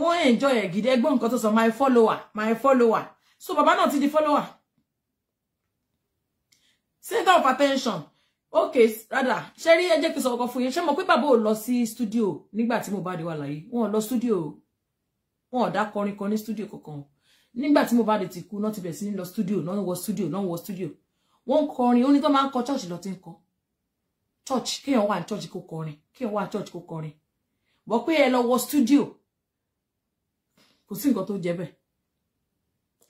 wọ́n enjoy ẹ̀ gidi ẹgbọ́n nǹkan tó sọ my follower my follower so Baba, náà ti di follower center of attention okay rather ṣe rí ẹ jẹ́ kí n sọ ọkọ fún yín ṣé mo pé bàbá ò lọ sí studio nígbà tí Mohbad wà láyé wọn ò lọ studio wọn ò dá kọrin kan ní studio kankan nígbà tí Mohbad ti kú náà ti bẹ̀rẹ̀ sí ní lọ studio náà wọ studio náà wọ studio wọ́n kọrin ó ní tó máa ń church lọ ti ń church kéèyàn wà ní church kó kọrin kéèyàn wà ní church kó kọrin bọ́ pé ẹ lọ wọ studio kò sí nǹkan tó jẹ bẹ́ẹ̀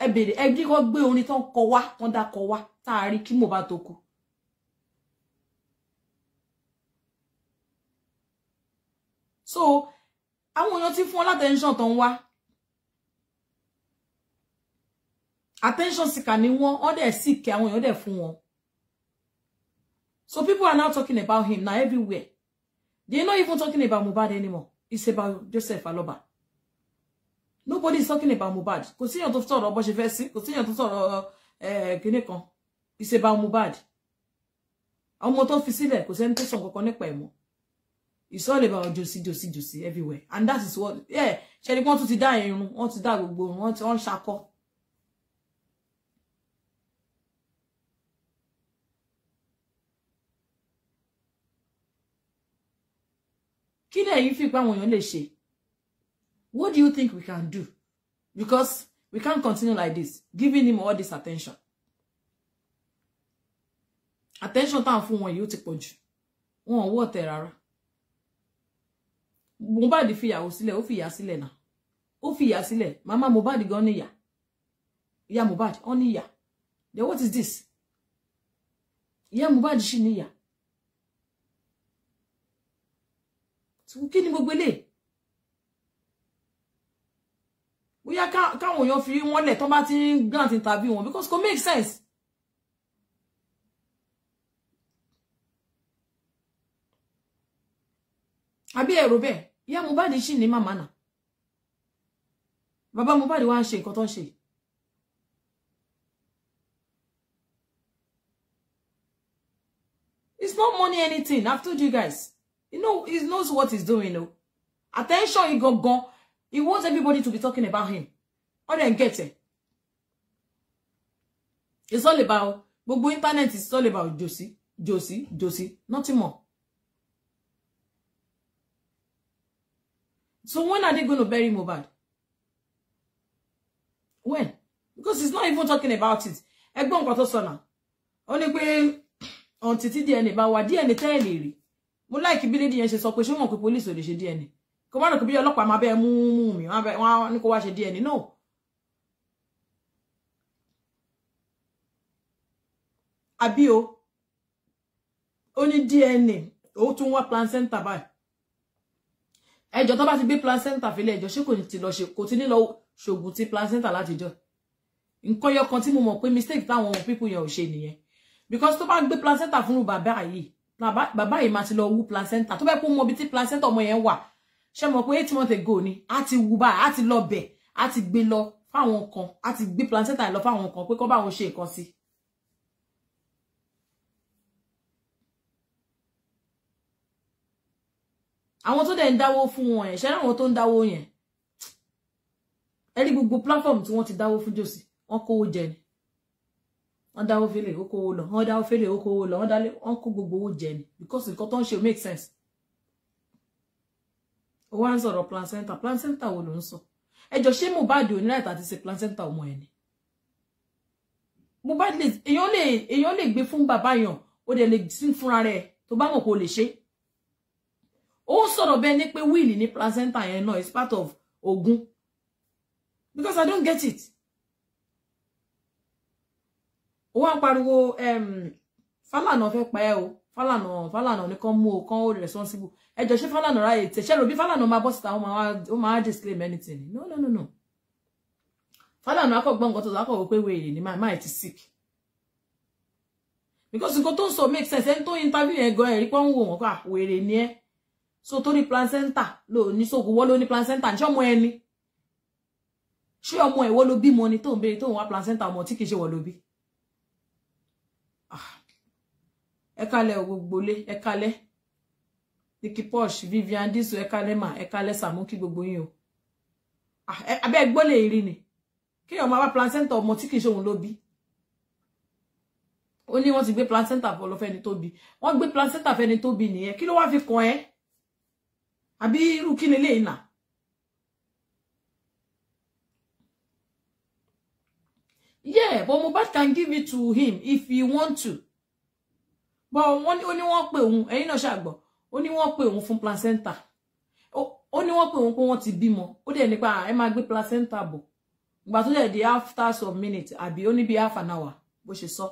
ẹ bèrè ẹ bí kò gbé orin tán kọ wá tán dá kọ wá tá a rí kí mo bá tó kú. so àwọn èèyàn ti fún ọ látẹnṣọ tó ń wá attention seeker ni wọ́n wọ́n dẹ̀ seek àwọn èèyàn dẹ̀ fún wọn so people are now talking about him na everywhere they no even talking about Mohbad anymore it's about Joseph Aloba nobody is talking about Mohbad kò síyàn tó sọ̀rọ̀ bó ṣe fẹ́ sí kò síyàn tó sọ̀rọ̀ kinní kan it's about Mohbad ọmọ tó fi sílẹ̀ kò sẹ́ni tó sọ kankan nípa ẹ̀ mọ́ it's all about jòsí jòsí jòsí everywhere and that is what ṣe ni wọ́n tún ti dá irun wọ́n ti dá gbogbo irun wọ́n ti ń ṣakọ. kí lẹ́yìn fi pé àwọn èèyàn lè ṣe What do you think we can do? Because we can't continue like this, giving him all this attention. Attention time for ń fún wọn yóò ti pọ̀ jù. Wọn ò wọ́ tẹ̀ rárá. Mohbad fìyàwó sílẹ̀, ó fìyà sílẹ̀ náà. Ó fìyà sílẹ̀, màmá Mohbad gan níyà. Ìyá Mohbad, ó níyà. Then what is this? Ìyá Mohbad ṣì níyà. Kí ni gbogbo eléyìí? bóyá káwọn èèyàn fi wọ́n lẹ̀ tán bá ti ń grant interview wọn because kò make sense. àbí ẹ̀rọ bẹ́ẹ̀ ìyá Mohbad ṣì ní màmá nà bàbá Mohbad wá ń ṣe nǹkan tó ń ṣe It's not money anything. I've told you guys. You know, he knows what he's doing, though. Attention, he go gone. He wants everybody to be talking about him. All then get it. It's all about gbogbo internet is all about Josie, Josie, Josie, nothing more. So when are they going to bury Mohbad? When? Because he's not even talking about it. Egbon nǹkan tó sọ on títí DNA bá wà DNA tẹ́lẹ̀ rí. Mo like bí lady yẹn ṣe sọ pé ṣé police ò lè ṣe DNA kó má rò pé bí ọlọ́pàá máa bẹ́ẹ̀ mú mú mi wọ́n ní kó wá ṣe díẹ̀ nínú. àbí o ó DNA ó tún wá placenta báyìí ẹjọ tó bá ti gbé placenta fílẹ̀ ẹjọ ṣé kò ti lọ ṣe kò ti ní lọ ṣògùn ti placenta látijọ́ nǹkan yọ kan tí mo mọ̀ pé mistake táwọn people yẹn ò ṣe nìyẹn because to bá gbé placenta fún bàbá yìí bàbá yìí máa ti lọ wú placenta tó bá kó mọ ibi tí placenta ọmọ yẹn wà ṣe mọ̀ pé eight months ago ni a ti wù báyìí a ti lọ bẹ̀ a ti gbé lọ fáwọn kan a ti gbé placenta lọ fáwọn kan pé kọ́ báwọn ṣe nǹkan sí. àwọn tó dẹ̀ ń dáwó fún wọn yẹn ṣe àwọn tó ń dáwó yẹn ẹ rí gbogbo platform tí wọ́n ti dáwó fún jòsì wọ́n kówó jẹ ni wọ́n dáwó fẹ́lẹ̀ ó kówó lọ wọ́n dáwó fẹ́lẹ̀ ó kówó lọ wọ́n dáwó wọ́n kó gbogbo owó jẹ ni because nǹkan tó ń ṣe make sense ó wá ń sọ̀rọ̀ placenta placenta wo ló ń sọ ẹjọ́ ṣé Mohbad ò ní láì tàti ṣe placenta ọmọ ẹ̀ ni Mohbad lè èèyàn lè èèyàn lè gbé fún bàbá yàn ó dẹ̀ lè sí fúnra rẹ̀ tó bá mọ̀ kó lè ṣe ó ń sọ̀rọ̀ bẹ́ẹ̀ ní pé wíìlì ní placenta yẹn náà is part of Ogun. because I don't get it ó wá ń pariwo Fálànà fẹ́ pa ẹ́ o. Fálànà Fálànà ní kán mú o kán ó responsible ẹjọ ṣé Fálànà ráyè tẹ ṣé lóbi Fálànà máa bọ́ síta ó máa disclaim anything no no no no Falano, Fálànà akọ̀gbọ́n nǹkan tó sọ akọ̀wé pé wèrè ni máa ti sick because nǹkan tó ń sọ make sense ẹni to interview yẹn gan ẹ̀rí pọ́n ń wò wọ́n pa ah, wèrè ni ẹ́ so tó ní placenta ló ní sóògùn wọ́n ló ní placenta ní ṣọ́mọ ẹni ṣé ọmọ ẹ̀wọ́ ló bímọ ni tó ń béèrè tó ń wá placenta ọmọ tí kì í ṣe wọ́n ló bí ah ẹ kálẹ́ o gbogbo lé ẹ kálẹ́ Posh Vivian Diso ẹ kálẹ́ mà ẹ kálẹ́ Sàámú kí gbogbo yín o ah, abẹ́ gbólè ìrì ni kéèyàn máa wá placenta ọmọ tí kì í ṣòun ló bí ó ní wọ́n ti gbé placenta bọ̀ lọ fẹ́ni tó bí wọ́n gbé placenta fẹ́ni tó bí nìyẹn kí ló wá fi kàn ẹ́ àbí irú kí ni léyìn yeah but Mohbad can give it to him if he want to bọ́ wọn ó ní wọ́n pè òun ẹ̀yin náà ṣàgbọ́ ó ní wọ́n pè òun fún placenta ó ní wọ́n pè òun pé wọ́n ti bímọ ó dẹ̀ nípa ẹ máa gbé placenta bọ̀ ìgbà tó dẹ̀ after some minutes àbí ó ní bí half an hour bó ṣe sọ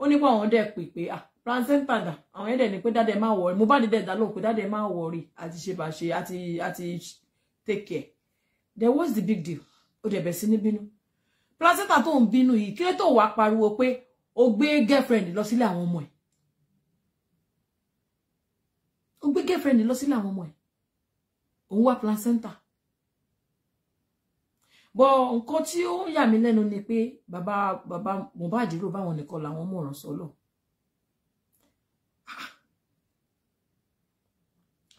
ó nípa àwọn dẹ̀ pè pé ah placenta dà àwọn yẹn dẹ̀ ní pé dáadẹ́ máa wọ̀ọ́rì mo bá dẹ̀ dẹ̀ dá lóhùn pé dáadẹ́ máa wọ̀ọ́rì àti ṣe bá ṣe àti àti take care there was the big deal ó dẹ̀ bẹ̀ sí ní placenta tó ń bínú yìí kí ló tó pariwo pé o gbé girlfriend lọ sílé àwọn ọmọ ẹ̀ gbé girlfriend lọ sílé àwọn ọmọ ẹ̀ òun wá placenta bọ nǹkan tí ó yà mí lẹ́nu ni pé bàbá bàbá Mohbad rò báwọn nìkan làwọn mọ̀ràn sọ́lọ̀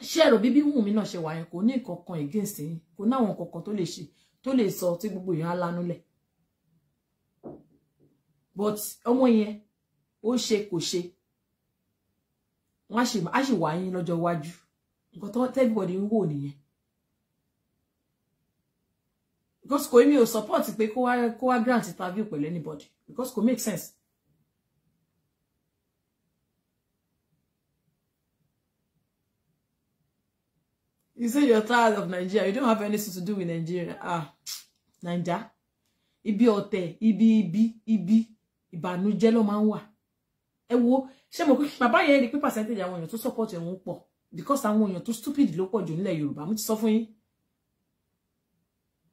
ṣé ẹ̀rọ bíbí wù mí náà ṣe wà yẹn kò ní nǹkan kan against yín kò náwọn nǹkan kan tó lè ṣe tó lè sọ tí gbogbo èèyàn á lánúlẹ̀ but ọmọ yẹn ó ṣe kò ṣe wọ́n á ṣì wà yín lọ́jọ́ iwájú nǹkan tó tẹ́bíbọ̀dì ń wò nìyẹn because kò mi ò support pé kó wá kó wá grant interview pẹ̀lú anybody because kò make sense. You say you are tired of Nigeria. You don't have anything to do with Nigeria. Ah, Naija. Ibi ọtẹ ibi ibi, ibi, ìbànújẹ́ ló máa ń wà. Ẹ wo ṣé mo pé bàbá yẹn rí pé percentage àwọn èèyàn tó support ẹ̀hún pọ̀ because àwọn èèyàn tó stupid ló pọ̀ jù nílẹ̀ Yorùbá mo ti sọ fún yín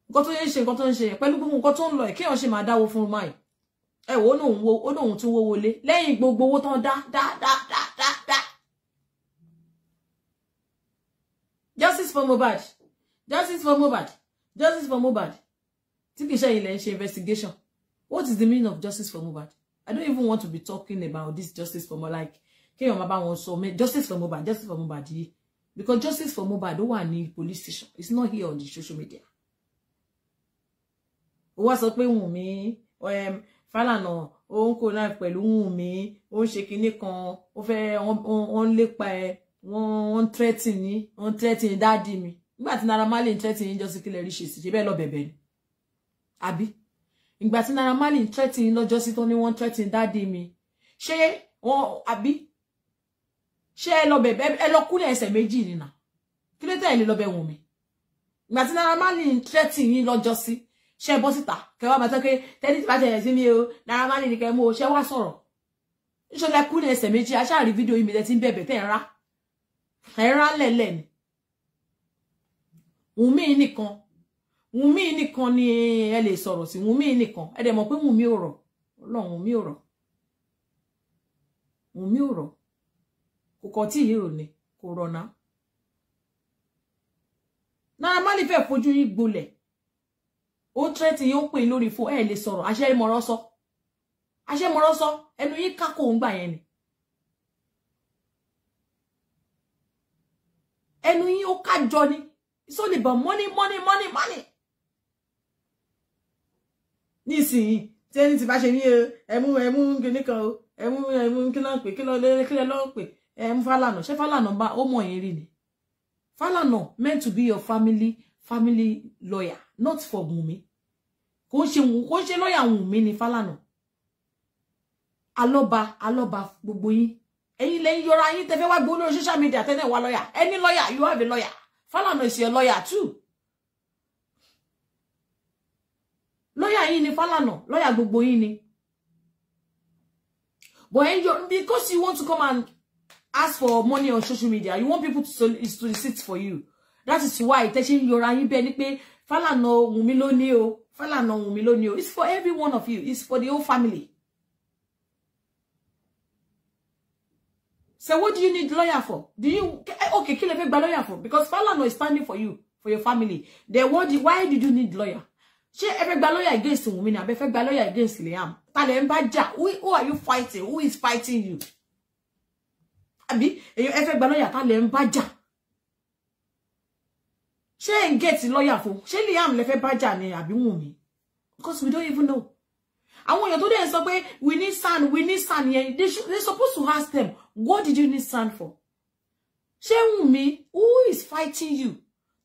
nǹkan tó yẹ ń ṣe nǹkan tó ń ṣe yẹn pẹ̀lú gbogbo nǹkan tó ń lọ ẹ̀ kéèyàn ṣe máa dáwó fún un máì ẹ wò ó lóun wo ó lóun tún wó wọlé lẹ́yìn gbogbo owó tán dá dá dá dá dá dá. justice for Mohbad justice for Mohbad justice for Mohbad tí kì í ṣe ilẹ̀ ń investigation what is the meaning of justice for Mohbad I don't even want to be talking about this justice for Mohbad like kéèyàn máa bá wọn sọ justice for mobile? justice for mobile, because justice for mobile. Don't want need police station it's not here on the social media. ó wá sọ pé um Fálànà ó ń kó láì pẹ̀lú Wùnmí ó ń ṣe kinní kan ó fẹ́ wọ́n ń lépa ẹ̀ wọ́n ń tẹ́tì ní wọ́n ń tẹ́tì ní dáàdì mi nígbà tí Naira Marley ń tẹ́tì ní jọ́sí kílẹ̀ rí ṣe sí ṣe ìgbà tí Naira Marley threatening lọ́jọ́sí tó ní wọ́n threatening dáàdi mi ṣé wọ́n àbí ṣé ẹ lọ bẹ̀bẹ̀ ẹ lọ kúlẹ̀ ẹsẹ̀ méjì nìna kí ló tẹ̀lé lọ bẹ̀ wọ̀n mi ìgbà tí Naira Marley threatening yín lọ́jọ́sí ṣé ẹ bọ́ síta kẹwàá máa tán pé tẹ́lí ti bá tẹ̀lé sí mi o Naira Marley ni kẹ́ mú o ṣé wá sọ̀rọ̀ ṣọlá kú ní ẹsẹ̀ méjì aṣáàrí fídíò yìí mìíràn ti ń bẹ̀bẹ̀ tẹ̀ ń rá ẹ̀ ń rá ni Wùnmí nìkan Wùmí nìkan ni ẹ lè sọ̀rọ̀ sí Wùmí nìkan ẹ dẹ̀ mọ̀ pé Wùmí ò rọ̀ ọlọ́run Wùmí ò rọ̀ Wùmí ò rọ̀ kò kọ́ tí ìrò ni kò rọ̀ náà. Naira Marley fẹ́ fojú yín gbolẹ̀ ó tẹ́tí yín ó pè lórí fún ẹ lè sọ̀rọ̀ àṣẹ mọ̀rọ̀ sọ àṣẹ mọ̀rọ̀ sọ ẹnu yín kákò ń gbà yẹn ni. ẹnu yín ó kájọ ni it's only about money money money money. nísìnyí tí ẹni tí bá ṣe ní ẹmú ẹmú kíní kan o ẹmú ẹmú kí ló ń pè kí ló lé kí ló ń pè ẹmú Fálànà ṣé Fálànà bá ó mọ̀ yín rí ni Fálànà meant to be your family family lawyer not for Wùnmí kò ń ṣe kò ń ṣe lọ́ọ̀yà Wùnmí ni Fálànà alọ́ba alọ́ba gbogbo yín ẹ̀yin lẹ́yìn yọra yín tẹ́fẹ́ wá gbó lórí social media tẹ́lẹ̀ wá lọ́ọ̀yà any lawyer you have a lawyer Fálànà is your lawyer too lọ́yà yín ni Fálànà lọ́yà gbogbo yín ni but because you want to come and ask for money on social media you want people to to sit for you that is why tẹ́sí ń yọra yín bẹ́ẹ̀ ni pé Fálànà Wùnmí ló ní o Fálànà Wùnmí ló ní o it's for every one of you it's for the whole family. So what do you need lawyer for? Do you okay? Kí lẹ fẹ́ gba lawyer for because Falana is standing for you for your family. Then what? Do, why did you need lawyer? ṣé ẹ fẹ́ gba lọ́yà against Wunmi ni àbẹ́ fẹ́ gba lọ́yà against Liam ta lẹ̀ ń bá jà who are you fighting who is fighting you àbí ẹ fẹ́ gba lọ́yà ta lẹ̀ ń bá jà ṣé ẹ̀ ń gẹ̀tì lọ́yà fún ṣé Liam lẹ fẹ́ bá jà ni àbí Wunmi because we don't even know àwọn èèyàn tó dẹ̀ ń sọ pé we need sand we need sand yẹn they should they supposed to ask them what did you need sand for ṣé Wunmi who is fighting you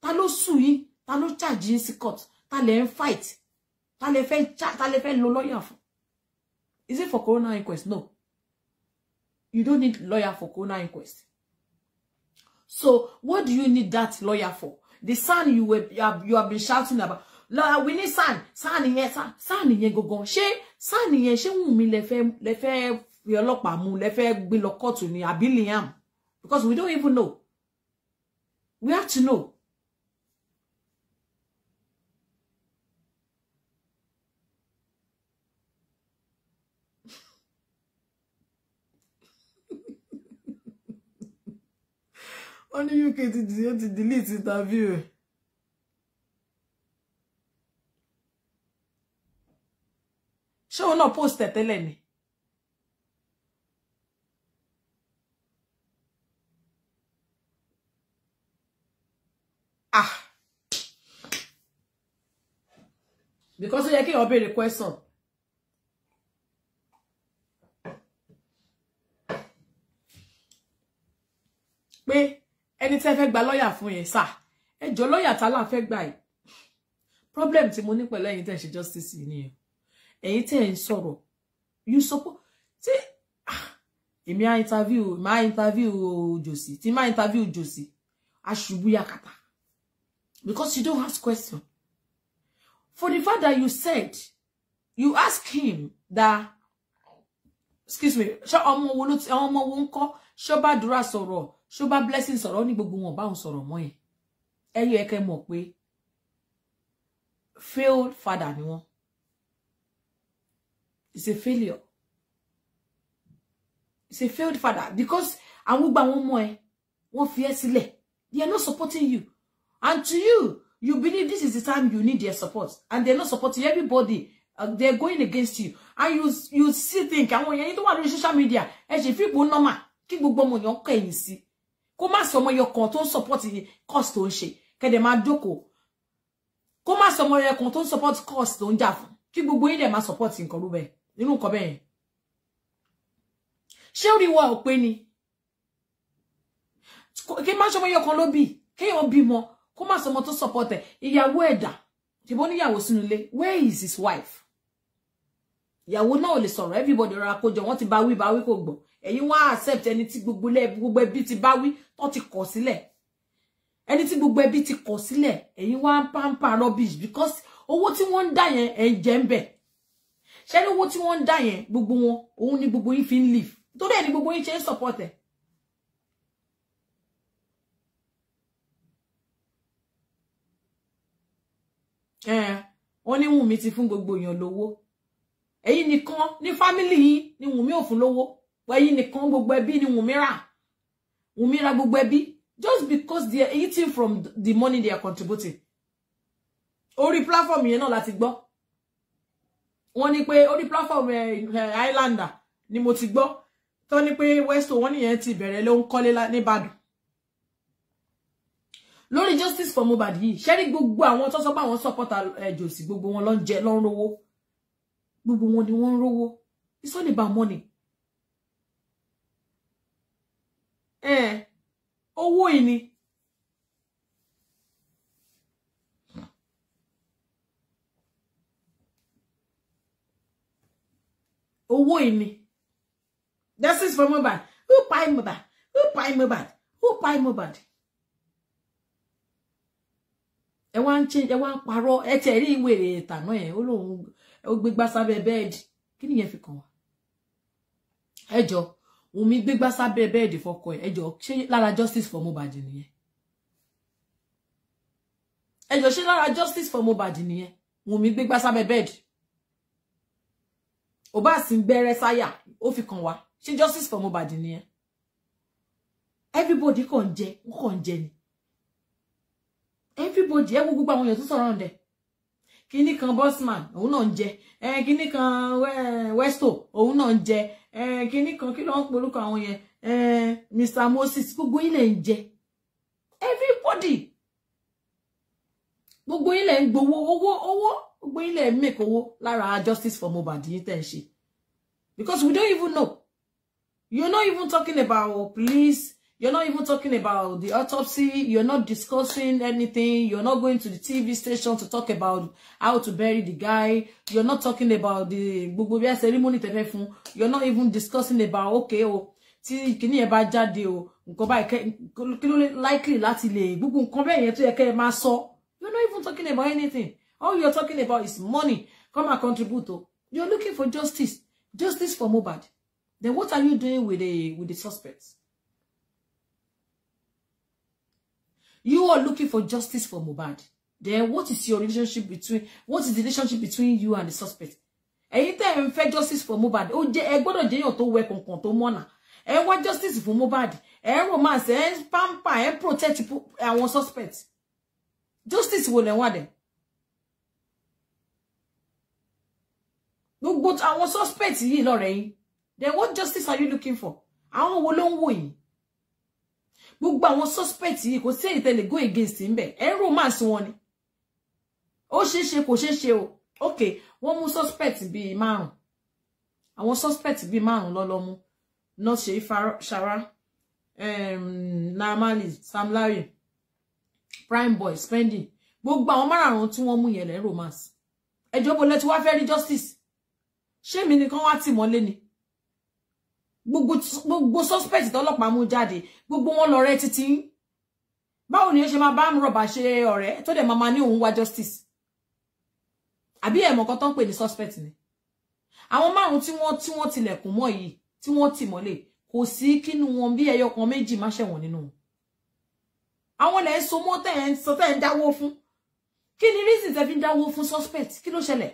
ta ló sùn yín ta ló charge yín sí court ta lẹ ń fight ta lẹ fẹ́ cha ta lẹ fẹ́ lo lọ́yà fún is it for corona inquest no you don't need lawyer for corona inquest so what do you need that lawyer for the son you were you have, you have been shouting about lọ́yà we need sand Son yẹn sand yẹn gangan ṣé sand yẹn ṣé Wunmi lẹ fẹ́ lẹ fẹ́ fi ọlọ́pàá mú lẹ fẹ́ gbé lọ kóòtù ní àbí Liam because we don't even know we have to know ó ní UK ti dì ó ti delete interview ẹ̀. ṣé òun náà post ẹ̀ tẹ́lẹ̀ ni. ah because ó yẹ kí èèyàn béèrè question pé ẹni tẹ́ fẹ́ gba lọ́ọ̀yà fún yẹn sà ẹ jọ lọ́ọ̀yà tá là ń yìí problem tí mo ní pẹ̀lú ẹ̀yin tẹ́ ń ṣe justice yìí nìyẹn ẹ̀yin tẹ́ ń sọ̀rọ̀ you suppose tí ah, èmi á interview máa interview jòsì tí máa interview jòsì aṣubú yakata because you don't ask question for the fact that you said you ask him that excuse me ṣé ọmọ wo ló ti ọmọ wo ń kọ́ ṣé ó bá dúrà sọ̀rọ̀ ṣó bá blessing sọ̀rọ̀ ó ní gbogbo wọn báwọn sọ̀rọ̀ mọ́ yẹn ẹyọ ẹkẹ mọ̀ pé failed father ni wọ́n it's a failure it's a failed father because àwọn gbogbo àwọn mo ẹ wọ́n fi ẹ́ they are not supporting you and to you you believe this is the time you need their support and they're not supporting everybody uh, they are going against you and you you see think àwọn yẹn tó wà lórí social media ẹ ṣe fipò normal ki gbogbo ọmọ yẹn kẹ̀yìn si kó má sọmọ ẹyọ kan tó ń support cost tó ń ṣe kẹ́dẹ̀ máa jókòó kó má sọmọ ẹyọ kan tó support cost tó ń jà fún kí gbogbo yín dẹ̀ máa support nǹkan rú bẹ́ẹ̀ nínú nǹkan bẹ́ẹ̀ ṣé ó wa ò pé ni kí má sọmọ ẹyọ kan ló bì kéèyàn bímọ kó má sọmọ tó support ẹ ìyàwó ẹ̀dà ṣe bó níyàwó sínú ilé where is his wife ìyàwó náà ò lè sọ̀rọ̀ everybody rọra kó jọ wọ́n ti bá wí bá wí kò gbọ́ ẹ̀yin wá accept ẹni tí gbogbo lẹ gbogbo ẹbí ti bá wí tó ti kọ̀ sílẹ̀ ẹni tí gbogbo ẹbí ti kọ̀ sílẹ̀ ẹ̀yin wá pampa rubbish because owó tí wọ́n ń dá yẹn ẹ ń jẹ ń bẹ ṣé ní owó tí wọ́n ń dá ni gbogbo yín fi live torí ẹ̀ ni gbogbo yín ṣe ń support ẹ̀. wọ́n ní Wùnmí ti fún gbogbo èèyàn lówó èyí nìkan ní fámìlì yín ni Wùnmí ò fún lówó wẹ̀yìn nìkan gbogbo ẹbí ni wùmírà wùmírà gbogbo ẹbí just because they are eating from the money they are contributing orí platform yẹn náà láti gbọ́ wọ́n ní pé orí platform eh, eh, islander ni mo ti gbọ́ tó ní pé westo wọ́n nìyẹn ti bẹ̀rẹ̀ ló ń kọ́lé nìbàdàn lórí justice for Mohbad yìí ṣẹ́rí gbogbo àwọn tó sọ pé àwọn sọ́pọ́tà ẹ̀jọ̀sí eh, gbogbo wọn ló ń jẹ ló ń rówó gbogbo wọn ni wọ́n ń rówó it's all about money ee eh. owó yìí ni owó yìí ni this is for Mohbad who buy Mohbad who buy who buy Mohbad ẹ wá ń change ẹ wá ń parọ́ ẹ rí ìwé rẹ ẹ ó lóun ó gbégbá kí fi kàn wá Wùmí gbígbá sábẹ́ bẹ́ẹ̀dì fọkọ ẹ̀ ẹjọ́ ṣé lára justice for Mohbad nìyẹn ẹjọ́ ṣé lára justice for Mohbad nìyẹn Wùmí gbígbá sábẹ́ bẹ́ẹ̀dì ò bá sì ń gbẹ́rẹ́ sáyà ó fi kàn wá ṣé justice for Mohbad nìyẹn everybody kàn jẹ wọn kàn jẹ ni everybody ẹ gbogbo àwọn èèyàn tó sọ̀rọ̀ ọ̀dẹ̀ Kini kan bosman òun náà ń jẹ kíní kan westo òun náà ń jẹ kíní kan kí ló ń polúkọ àwọn yẹn Mr Moses gbogbo ilẹ̀ ń jẹ everybody gbogbo ilẹ̀ ń gbowó owó owó gbogbo ilẹ̀ ń mèkó owó lára justice for Mohbad yìí tẹ̀ ṣe because we don't even know you're not even talking about oh, police You're not even talking about the autopsy. You're not discussing anything. You're not going to the TV station to talk about how to bury the guy. You're not talking about the gbogbobia ceremony You're not even discussing about, okay, oh, see, can you bá that o, nǹkan báyìí kí ló likely láti lè You're not even talking about anything. All you're talking about is money. Come and contribute o. You're looking for justice. Justice for Mohbad. Then what are you doing with the, with the suspects? You are looking for justice for Mohbad. Then what is your relationship between what is the relationship between you and the suspect? Ẹ̀yin tẹ́ ń fẹ́ justice for Mohbad. Ó jẹ́ ẹ gbọ́dọ̀ jẹ́ èèyàn tó wẹ kankan tó mọ́nà. Ẹ wá justice for Mohbad. Ẹ romance ẹ pamper ẹ protect àwọn suspect. Justice wo lẹ wá dẹ̀? Gbogbo àwọn suspect yìí lọ́rẹ̀ yín. Then what justice are you looking for? Àwọn wo ló ń wò yìí? gbogbo àwọn suspect yìí kò sí èyí tẹ́ lè go against ńbẹ̀ ẹ̀ ń romance wọn ni ó ṣeé ṣe kò ṣeé o ok wọ́n mú suspect bíi márùn àwọn suspect bíi márùn lọ́lọ́ mú north shei um, naamali Sam Larry prime boy spending gbogbo àwọn márààrún tí wọ́n mú yẹn lẹ́ romance ẹjọ́ bo lẹ́tí wá fẹ́ rí justice ṣé mi nìkan wá tì mọ́lé ni gbogbo gbogbo suspect tọ́lọ́pàá mú jáde gbogbo wọn lọ rẹ títí báwo ni ó ṣe máa bá ń rọ̀bà ṣe ọ̀rẹ́ tó dẹ̀ máa ma ní òun wá justice àbí ẹ̀mọ̀ kan tó ń pè ní suspect ni àwọn márùn tí wọ́n tí wọ́n tilẹ̀kùn mọ́ yìí tí wọ́n tì mọ́lẹ̀ kò sí kínú wọn bí ẹyọ kan méjì má ṣẹ̀wọ̀n nínú wọn àwọn lẹ̀ ń so mọ́ tẹ̀ ń sọ tẹ̀ ń dáwó fún kí ni reason tẹ́ fi ń dáwó fún suspect kí ló ṣẹlẹ̀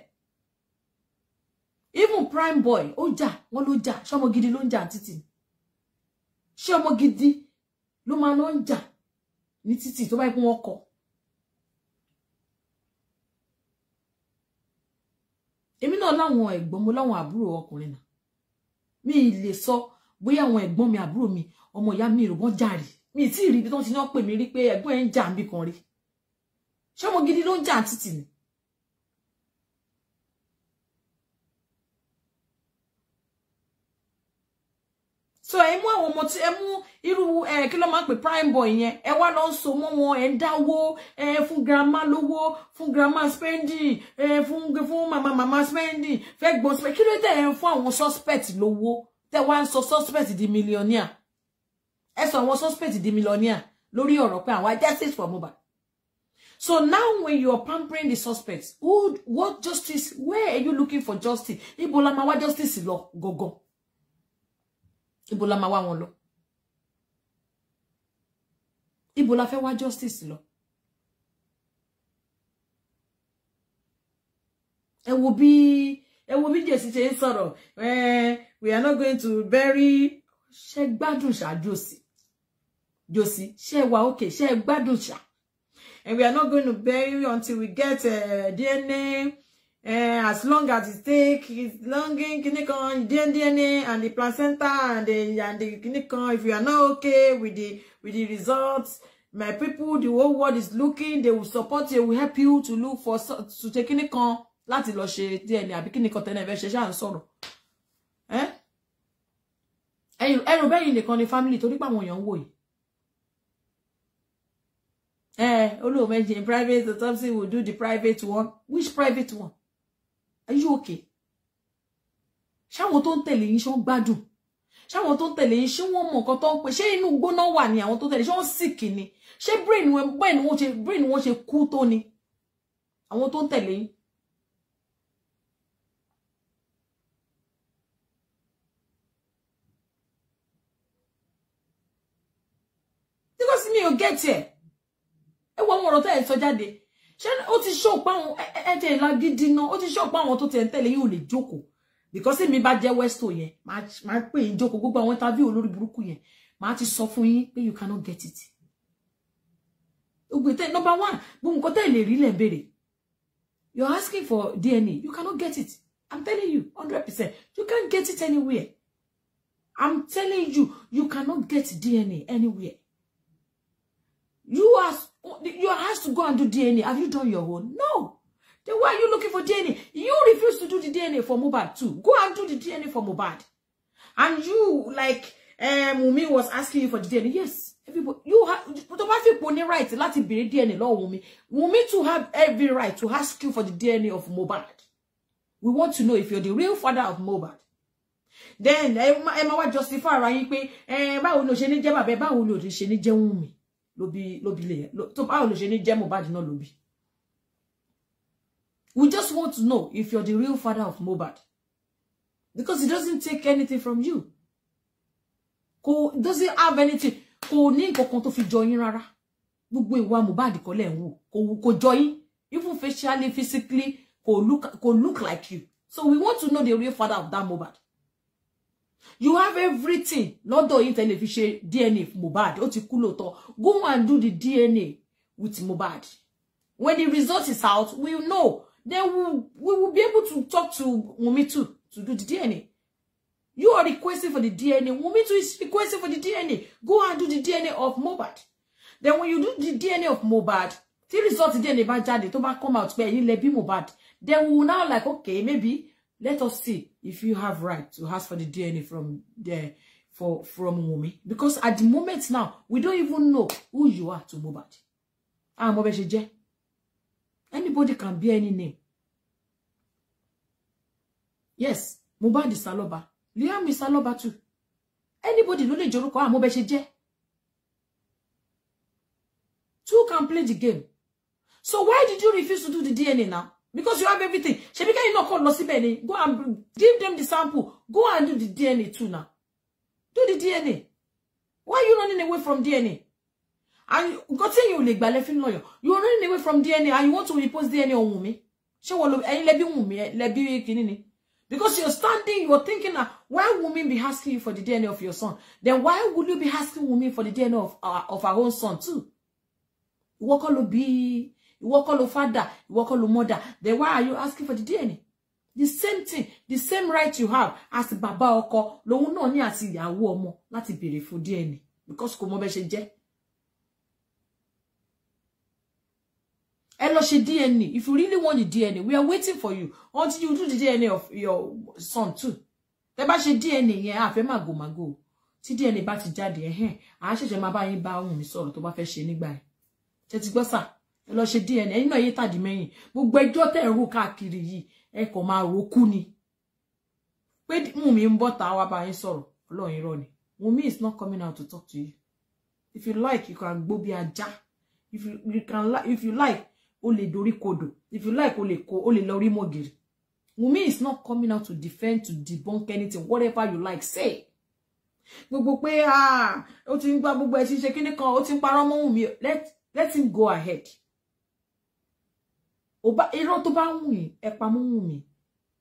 even prime boy ó jà wọ́n ló jà ṣé ọmọ gidi ló ń jà títì ṣé ọmọ gidi ló máa lọ ń jà ní títì tó bá yẹ kó wọ́n na. èmi náà láwọn ẹ̀gbọ́n mo láwọn àbúrò ọkùnrin náà mi lè sọ bóyá àwọn ẹ̀gbọ́n mi àbúrò mi ọmọ ìyá mi ìrògbọ́n jàre mi tí ì rí ibi tó ti náà pè mí rí pé ẹ̀gbọ́n ẹ̀ ń kan rí ṣé ọmọ gidi ló ń jà ni so ẹ mú àwọn ọmọ tí ẹ mú irú ẹ kí ló máa ń prime boy yẹn ẹ wá lọ so mọ́ wọn ẹ ń dáwó ẹ fún grandma lówó fún grandma spending eh, fún fún mama mama spending fẹ́ gbọ́n spending kí ló tẹ̀ ẹ fún àwọn suspect lówó tẹ́ wá ń sọ suspect di millionaire ẹ sọ àwọn suspect di millionaire lórí ọ̀rọ̀ pé àwọn justice for Mohbad So now when you are pampering the suspects, who, what justice, where are you looking for justice? Ibola, la ma wá justice lọ, gogo. Ibola la máa wá wọn lọ ibo la justice lo? ẹ wo bí ẹ wo bí jèsì ṣe ń sọ̀rọ̀ we are not going to bury ṣe gbádùn ṣá jòsì jòsì ṣe wa okay. ṣe gbádùn ṣá and we are not going to bury until we get uh, eh, DNA uh, as long as it take it's longing kinikan DNA and the placenta and the and the kinikan if you are not okay with the with the results my people the whole world is looking they will support you will help you to look for to take kinikan láti lọ ṣe DNA àbí kinikan tẹ́lẹ̀ fẹ́ ṣe Eh? And you and you nìkan in the torí pé àwọn èèyàn ń wò yìí Eh, Oluomeji in private, the autopsy will do the private one. Which private one? are you okay ṣáwọn tó ń tẹ̀lé yín ṣé wọ́n gbádùn ṣáwọn tó ń tẹ̀lé yín ṣé wọ́n mọ nǹkan tó ń pè ṣé inú gbóná wà ní àwọn tó tẹ̀lé ṣé wọ́n sick ni ṣé brain wọn brain wọn ṣe brain wọn ṣe kú tó ni àwọn tó ń tẹ̀lé yín. because mi ò get ẹ ẹ wọ ọmọ ọ̀rọ̀ tẹ́ ẹ sọ jáde ṣé ó ti show pa àwọn ẹ̀jẹ̀ ìlagídí náà ó ti show pa àwọn tó ti ẹ̀ tẹ̀lé yóò lè jókòó because èmi bá jẹ́ westo yẹn máa pè yín jókòó gbogbo àwọn interview olórí burúkú yẹn máa ti sọ fún yín pé you cannot get it. ògbè tẹ number one gbogbo nǹkan tẹ̀ lè rí lẹ̀ béèrè you are asking for DNA you cannot get it I'm telling you hundred percent you can't get it anywhere I'm telling you you cannot get DNA anywhere you are Oh, you are asked to go and do DNA. Have you done your own? No. Then why are you looking for DNA? You refuse to do the DNA for Mohbad too. Go and do the DNA for Mohbad. And you, like, um, Wunmi was asking you for the DNA. Yes, everybody, you have, the bá right láti béèrè DNA lọ́wọ́ Wunmi. Wunmi to have every right to ask you for the DNA of Mohbad. We want to know if you're the real father of Mohbad. Then, ẹ máa wá justify ara yín pé, eh, ba ló ṣe ní jẹ́ bàbá, báwo ló ṣe ní jẹ́ Wunmi. Lobi, Lobi le. bí ilé yẹn tó báwo ló ṣe ní jẹ́ we just want to know if you're the real father of Mohbad because he doesn't take anything from you kò doesn't have anything kò ní nǹkan kan tó fi jọ yín rárá gbogbo ìwà Mohbad kọ́ lẹ̀ ń wò kò even facially physically kò look kò look like you so we want to know the real father of that Mohbad you have everything lọ́dọ̀ yìí tẹ́lẹ̀ fi ṣe DNA Mohbad ó ti kú lóòótọ́ go and do the DNA with Mohbad when the result is out we know then we, we will be able to talk to Wunmi to do the DNA you are requesting for the DNA Wunmi is requesting for the DNA go and do the DNA of Mohbad then when you do the DNA of Mohbad tí result DNA bá jáde tó bá come out pé ẹ̀yin lẹ bí Mohbad then we will now like okay maybe Let us see if you have right to ask for the DNA from there for from Wumi. Because at the moment now, we don't even know who you are to Mohbad. Ah, Mohbad Anybody can be any name. Yes, Mohbad is Saloba. Liam is Saloba too. Anybody ló Joruko, jorúkọ ah Two can play the game. So why did you refuse to do the DNA now? because you have everything ṣebí kẹ́yìn náà kọ́ lọ síbẹ̀ ni go and give them the sample go and do the DNA too now do the DNA why are you running away from DNA and nǹkan tí you ò lè gbà lẹ́fín you are running away from DNA and you want to repose DNA on Wunmi She wọ́n lo ẹ̀yin lẹ́bí Wunmi lẹ́bí kìíní ni because you're standing you're thinking that why Wunmi be asking you for the DNA of your son then why would you be asking Wunmi for the DNA of, uh, of our own son too ìwọ kọ́ be ìwọ kọ́ lo father ìwọ kọ́ lo mother then why are you asking for the DNA the same thing the same right you have as bàbá ọkọ lòun náà ní àti ìyàwó ọmọ láti béèrè fún DNA because kò mọ bẹ́ẹ̀ ṣe jẹ́ ẹ lọ ṣe DNA if you really want the DNA we are waiting for you until you do the DNA of your son too tẹ́ bá ṣe DNA yẹn a fẹ́ máa gòmágò tí DNA bá ti jáde ẹ̀hẹ́n àá ṣẹ̀ṣẹ̀ máa bá yín bá ohun mi sọ̀rọ̀ tó bá fẹ́ ṣe nígbà ẹ̀ ṣe ti gbọ́ sáà ẹ lọ ṣe dna ẹ̀yin náà yé tàdí mẹ́yìn gbogbo ẹjọ́ tẹ̀ ń rò káàkiri yìí ẹ kàn máa rò kú ni pé Wunmi ń bọ̀ tá a wá bá yín sọ̀rọ̀ ọlọ́run irọ́ ni Wunmi is not coming out to talk to you if you like you can go be aja. if you, you can if you like o le dori kodo. if you like o le ko o le lọ rí mọ́gìrì Wunmi is not coming out to defend to debunk anything whatever you like say gbogbo pé ah ó ti ń gba gbogbo ẹ̀ ṣíṣe kíní kan ó ti ń parọ́ mọ́ Wunmi let let him go ahead ọba irọ́ tó bá wù yín ẹ pamọ́ wù mí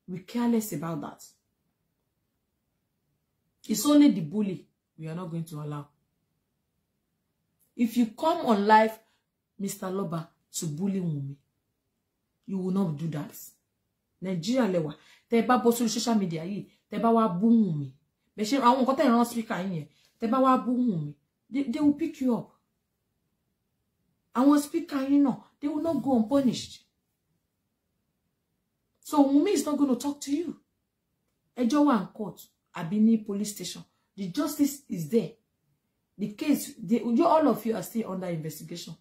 we careless about that it's only the bully we are not going to allow if you come on live Mr. Loba to bully Wunmi you will not do that Nigeria lẹ́wà tẹ́ bá bọ́ sórí social media yìí tẹ́ bá wá bú Wunmi bẹ́ ṣe àwọn nǹkan tẹ́ rán speaker yín tẹ́ bá wá bú Wunmi they, they will pick you up àwọn speaker yín náà they will not go unpunished So Wunmi is not going to talk to you. Ẹjọ́ wà court Abini police station. The justice is there. The case, the, you, all of you are still under investigation.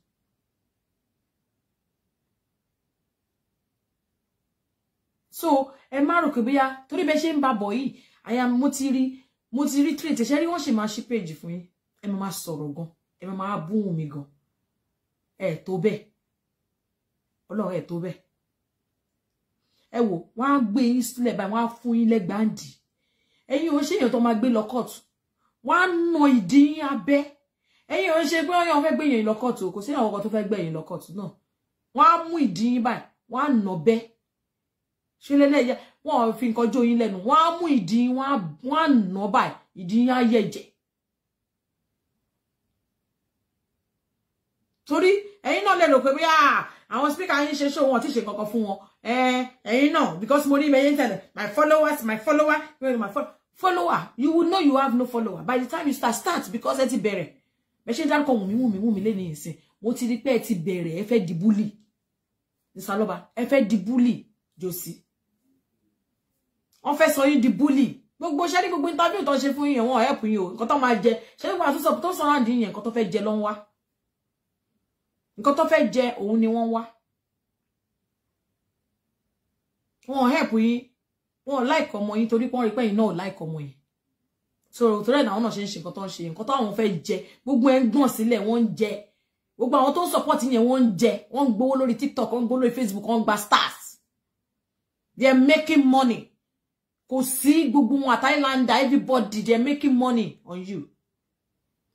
So ẹ má Tori pé bóyá I am ṣe ń ba bọ̀ yìí àyà mo ti page for me? rí tírètì ṣe rí wọ́n ṣe máa ṣí péjì fún yín ẹ wò wọ́n á gbé yín sílẹ̀ báyìí wọ́n á fún yín lẹ́gbàndì ẹ̀yin ò ń ṣe èèyàn tó máa gbé lọ kóòtù wọ́n á nà ìdí yín abẹ́ ẹ̀yin ò ń ṣe pé ọyàn fẹ́ gbé yín lọ kóòtù kò sí àwọn ọkọ tó fẹ́ gbé yín lọ kóòtù náà wọ́n á mú ìdí yín báyìí wọ́n á nà bẹ́ ṣe lẹlẹyẹ wọ́n ò fi nǹkan jó yín lẹ́nu wọ́n á mú ìdí yín wọ́n á nà báyìí ìdí yín á yẹ̀jẹ̀ torí ẹ̀yin náà lè rò pé bí ah àwọn speaker yín ṣe ṣó wọn ti ṣe kankan fún wọn eh, ẹ̀yin náà because mo ní ìmẹ̀yẹ tẹ̀lẹ̀ my followers my follower my follower you will know you have no follower by the time you start start because ẹ ti bẹ̀rẹ̀ bẹ́ẹ̀ ṣe ń dárúkọ wùmí wùmí wùmí lé ní ìsìn mo ti rí pé ẹ ti bẹ̀rẹ̀ ẹ fẹ́ di búlì ìsàlọ́ba ẹ fẹ́ di búlì jòsí wọ́n fẹ́ sọ yín di búlì gbogbo ṣẹ́rí gbogbo interview tó ṣe fún yín ẹ̀wọ̀n ẹ̀pù yín o nǹkan tó máa jẹ ṣẹ́rí gbogbo àtúnṣe tó sọ̀rọ̀ àdìyàn nǹkan tó fẹ́ jẹ lọ́wọ́ nǹkan tó fẹ́ jẹ òun ni wọ́n wá wọn help yín wọn like ọmọ yín torí pọ́n rí pẹ́yìn náà like ọmọ yín so torí ẹ̀nà àwọn náà ṣe ń ṣe nǹkan tó ń ṣe nǹkan tó àwọn fẹ́ jẹ gbogbo ẹ̀ ń gbọ̀n sílẹ̀ wọ́n ń jẹ gbogbo àwọn tó ń support yẹn wọ́n ń jẹ wọ́n ń gbowó lórí tiktok wọ́n ń gbowó lórí facebook wọ́n gba stars they are making money kò sí gbogbo wọn àtàlẹ́làndà everybody they are making money on you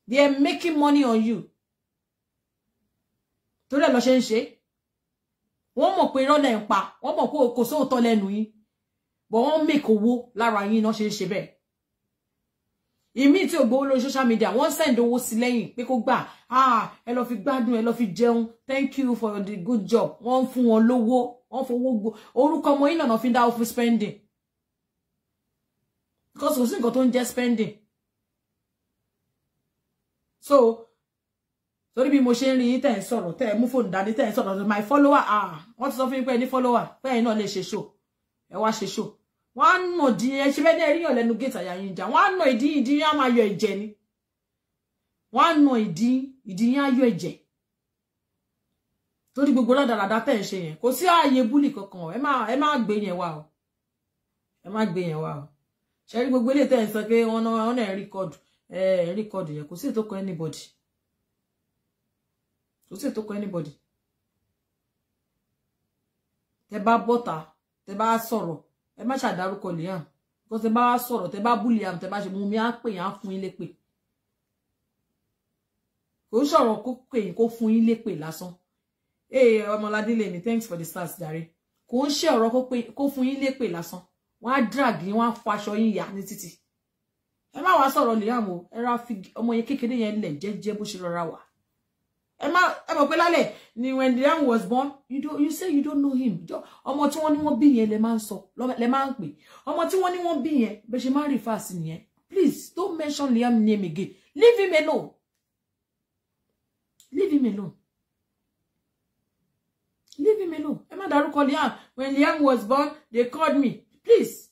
they are making money on you torí ẹ̀ lọ ṣe ń ṣe wọ́n mọ̀ pé irọ́ lẹ̀ ń pa wọ́n mọ̀ pé kò sóòótọ́ lẹ́nu yín bọ̀ wọ́n mèkó owó lára yín náà ṣe ń ṣe bẹ́ẹ̀ ìmí tí ò gbowó lórí social media wọ́n send owó sí lẹ́yìn pé kó gbà ah ẹ lọ fi gbádùn ẹ lọ fi jẹun thank you for the good job wọ́n ń fún wọn lówó wọ́n fowó gbó orúkọ ọmọ yín lọ́nà fi ń dá fún spending because kò sí nǹkan tó ń jẹ́ spending so torí bí mo ṣe ń rí yín tẹ̀ ń sọ̀rọ̀ tẹ̀ mú fóònù dání tẹ̀ ń sọ̀rọ̀ my follower ah wọ́n ti sọ fún yín pé ẹni follower pé ẹ̀yin náà lè ṣe show ẹ wá ṣe show wọ́n á nà di ẹ ṣe fẹ́ẹ́ ní ẹríyàn lẹ́nu gate àyà yín jà wọ́n á nà ìdí ìdí yín á máa yọ ẹ̀jẹ̀ ni wọ́n á nà ìdí ìdí yín á yọ ẹ̀jẹ̀ torí gbogbo ládàradà tẹ̀ ń ṣe yẹn kò sí ààyè búlì kankan ẹ má ẹ má gbé yẹn wá o ẹ má gbé yẹn wá o ṣe rí gbogbo eléyìí tẹ̀ ń sọ pé wọ́n náà ẹ̀ ń rìkọ́dù ẹ̀ yẹn kò sí ètò kan anybody kò sí ètò kọ anybody tẹ bá bọ́ta tẹ bá sọ̀rọ̀ ẹ má ṣàdárúkọ lèyàn kó tẹ bá sọ̀rọ̀ tẹ bá búlì àm tẹ bá ṣe mú mi á pè yàn á fún yín lépè kò ń sọ̀rọ̀ kó pè yín kó fún yín lépè lásán ee ọmọládé lèmi thanks for the stars jàre kò ń ṣe ọ̀rọ̀ kó fún yín lépè lásán wọ́n á drag yín wọ́n á faṣọ yín yá ní títì ẹ má wàá sọ̀rọ̀ lèyàn o ẹ ra fi ọmọ yẹn kékeré yẹn lẹ̀ jẹ́jẹ́ bó ṣe rọra wà Emma, Emma, Pelale. ni when the was born you don't you say you don't know him ọmọ tí wọ́n ní wọ́n bí yẹn lẹ máa ń sọ lẹ máa ń pè ọmọ tí wọ́n ní wọ́n bí yẹn bẹ ṣe máa please don't mention Liam name again leave him alone leave him alone leave him alone Emma, má dárúkọ Liam when Liam was born they called me please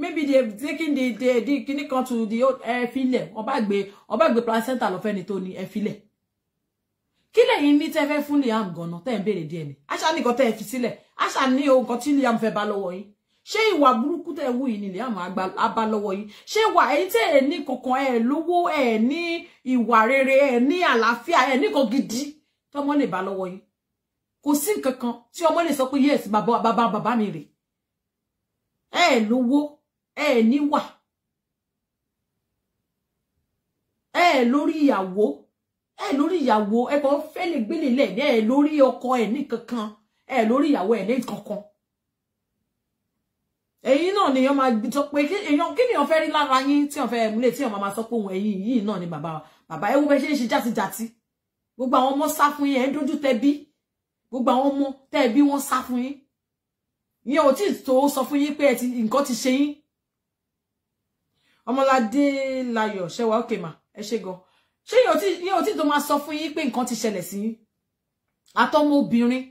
maybe they have taken the the the kini to the old ẹ filẹ ọba gbé ọba gbé placenta lọ fẹni tó ní ẹ filẹ kí lẹ́yìn ní tẹ́ fẹ́ fún Liam gan-an ń béèrè díẹ̀ ni aṣá ní nǹkan tẹ́ ẹ fi sílẹ̀ aṣá ní o nǹkan tí Liam fẹ́ bá lọ́wọ́ yín ṣé ìwà burúkú tẹ́ wù yìí ni Liam á bá lọ́wọ́ yín ṣé ìwà ẹ̀yin tẹ́ ẹ ní kankan ẹ lówó ẹ ní ìwà rere ẹ ní àlàáfíà ẹ ní kan gidi tọ́mọ lè bá lọ́wọ́ yín kò sí nǹkan kan tí ọmọ lè sọ pé yes bàbá bàbá bàbá mi rè ẹ lówó ẹ níwà ẹ lórí ìyàwó ẹ lórí ìyàwó ẹ kàn fẹ́ lè gbélé lẹ́ẹ̀ni ẹ lórí ọkọ ẹ ní kankan ẹ lórí ìyàwó ẹ ní kankan èyí náà ni èèyàn máa sọ pé èèyàn kí nìyàn fẹ́ rí lára yín tí èèyàn fẹ́ múlẹ̀ tí èèyàn máa sọ pé òun ẹ̀yìn yìí náà ni bàbá bàbá ẹ wo bẹ ṣe ń ṣe játijàti gbogbo àwọn ọmọ sá fún yín ẹ ń dojú tẹ bí gbogbo àwọn ọmọ tẹ bí wọn sá fún yín ìyẹn ò tí ì tó sọ fún yín pé nǹkan ti ṣe yín ọmọládé láyọ̀ ṣẹwàá òkè mà ẹ ṣe gan ṣé yóò tí yóò tí tó máa sọ fún yín pé nǹkan ti ṣẹlẹ̀ sí yín àtọmọ obìnrin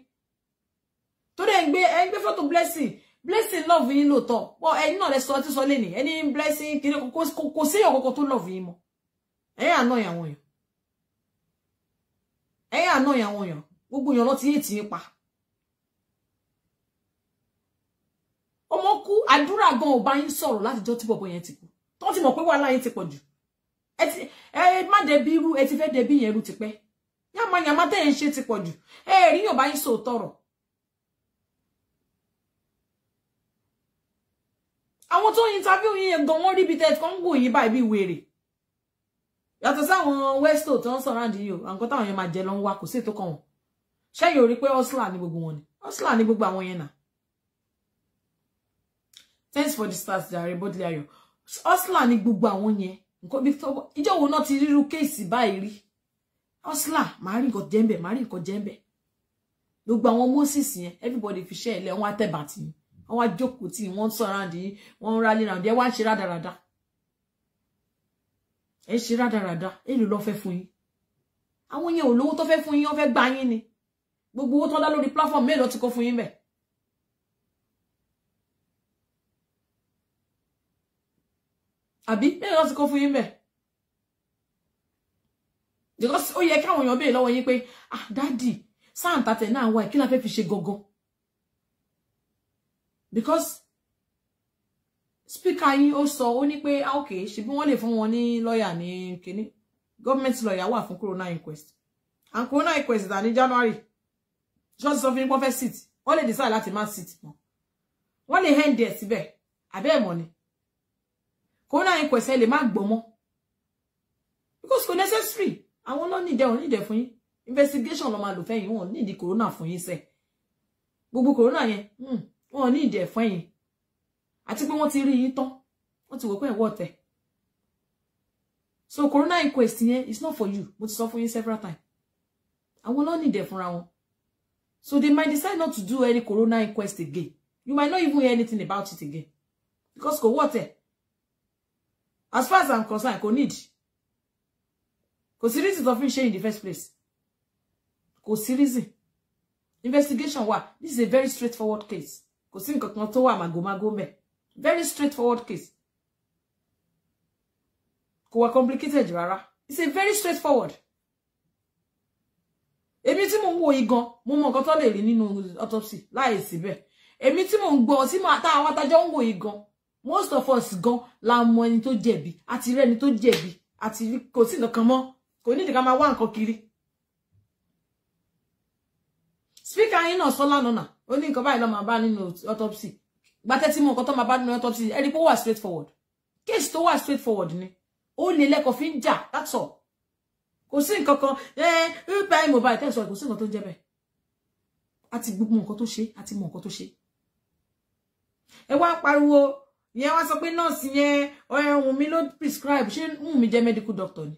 tó dẹ̀ ń gbé ẹ ń gbé fọ́tò blessing blessing love yín lóòótọ́ pọ̀ ẹ̀yin náà lẹ sọ tí sọ lé ní ẹni blessing kiri kò sí èèyàn kankan tó love yín mọ́ ẹ̀yin àná ìyàwó yàn ẹ̀yin àná ìyàwó yàn gbogbo èèyàn lọ ti yé tì í pa ọmọ kú àdúrà gan ò bá yín sọ̀rọ̀ látijọ́ tí bọ̀bọ̀ yẹn ti kú tó ti mọ̀ pé wàhálà yín ti pọ̀ jù má débi irú ẹ ti fẹ́ débi yẹn rú tipẹ́ yàmàyàmá tẹ̀ ń ṣe ti pọ̀ jù ẹ rí yóò bá yín àwọn tó interview yín yẹn gan wọ́n rí ibi tẹ́tí kan ń gùn báyìí bí wèrè yàtọ̀ westo tó ń sọ̀ràǹdì o táwọn yẹn máa jẹ lọ ń wá kò sí ètò rí pé ní gbogbo wọn ni ní gbogbo àwọn yẹn nà. thanks for the stars nǹkan bí tó ìjọ wo náà ti ríru kéèsì báyìí rí ọ́sílà máa rí nǹkan jẹ́ńbẹ̀ máa rí nǹkan jẹ́ńbẹ̀ gbogbo àwọn moses yẹn everybody fi ṣẹ́ ẹ̀lẹ́ wọn àtẹ̀bàtì yìí wọn wá jókòó tí wọn ń sọ ráǹdì yìí wọn ń rálé ráǹdì ẹ wá ń ṣe rádaràda ẹ ṣe rádaràda èlò lọ fẹ́ fún yín àwọn yẹn ò lówó tó fẹ́ fún yín wọn fẹ́ ni gbogbo owó tó ń dá lórí platform mélòó ti kó fún yín bẹ́ẹ̀ àbí mẹ́rin lọ́sí kó fún yín bẹ̀ because ó yẹ káwọn èèyàn béèrè lọ́wọ́ yín pé ah dádì sáà tàtẹ̀ náà wà kí la fẹ́ fi ṣe gangan because speaker yín ó sọ ó ní pé ah ok ṣe bí wọ́n lè fún wọn ní lọ́ọ̀yà ní kínní government lawyer wà fún corona inquest and corona inquest dà ní January just sọ fún yín pọ́fẹ́ sit wọ́n lè decide láti má sit mọ́ wọ́n lè hand there síbẹ̀ àbẹ́ ẹ̀mọ́ ni kóra yín pẹ̀sẹ̀ lè má gbọ́ mọ́ because kò necessary àwọn ló nídẹ̀ wọn nídẹ̀ fún yín investigation ló máa lò fẹ́yìn wọn nídìí corona fún yín sẹ́ gbogbo corona yẹn hmm, need nídẹ̀ fún yín àti pé wọ́n ti rí yín tán wọ́n ti wò pé ẹ̀wọ́ tẹ̀ so corona inquest yẹn it's not for you mo ti sọ fún yín several times àwọn ló nídẹ̀ fúnra wọn so they might decide not to do any corona inquest again you might not even hear anything about it again because kò wọ́ tẹ̀ as far as i'm concerned kò need kò sí reason in the first place kò sí investigation What this is a very straightforward case kò sí nǹkan kan tó wà very straightforward case kò complicated rárá it's a very straightforward èmi tí mò wo igan mo mọ nǹkan tó lè rí nínú autopsy láì sibe. èmi tí mò ń gbọ́ tí mo àtàwọn atajọ́ ń wo igan most of us gan la mọ ẹni tó jẹ̀bi àti rí ẹni tó jẹ̀bi àti rí kò sí nǹkan mọ́ kò ní ìdíkà máa wá nǹkan kiri spíkà yín náà sọ lánàá náà ó ní nǹkan báyìí ló máa bá nínú autopsy gbàtẹ́ tí mo nǹkan tó máa bá nínú autopsy ẹni pé ó wà straight forward case tó wà straight forward ni ó ní lẹ́kọ̀ọ́ fi ń that's all kò sí nǹkan kan ẹ uber mobile tẹ́sán kò sí nǹkan tó ń jẹ́ bẹ́ẹ̀ àti gbogbo nǹkan tó ṣe àti mọ nǹkan tó ṣe ẹ wá pariwo ìyẹn wá sọ pé nọ́ọ̀sì yẹn ọ̀hún mi ló prescribe ṣé wùn mí jẹ́ medical doctor ni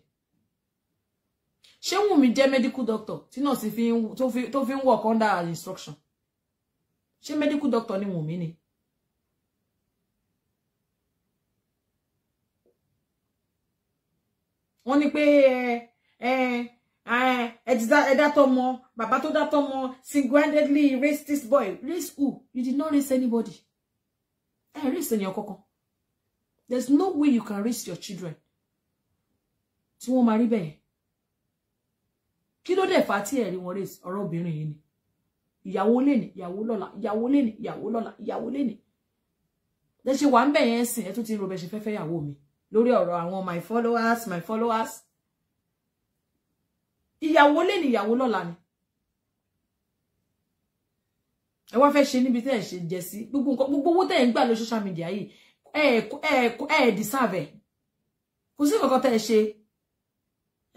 ṣé wùn mí jẹ́ medical doctor tí nọ́ọ̀sì tó fi ń work under her instruction ṣé medical doctor ni wùn mí ni. wọ́n ní pé ẹ ẹ dátọ́ mọ bàbá tó dátọ́ mọ single-handedly raise this boy raise who you did not raise anybody. I raise your coco. there's no way you can raise your children tí wọ́n marry rí bẹ́ẹ̀ kí ló dẹ̀ fà á tí ẹ̀ rí wọn raise ọ̀rọ̀ obìnrin yìí ni ìyàwó lẹ́ni ìyàwó lọ́la ìyàwó lẹ́ni ìyàwó lọ́la ìyàwó lẹ́ni lẹ ṣe wà ń bẹ̀ yẹn sìn ẹ tún ti ń ro bẹ ṣe fẹ́ fẹ́ mi lórí ọ̀rọ̀ àwọn my followers my followers ìyàwó lẹ́ni ìyàwó lọ́la ni ẹ wá fẹ́ ṣe níbi tẹ́ ẹ̀ ṣe jẹ sí gbogbo nǹkan gbogbo owó tẹ́ ẹ̀ ń gbà lọ social media yìí ẹ ẹ ẹ deserve ẹ kò sí nǹkan tẹ́ ẹ ṣe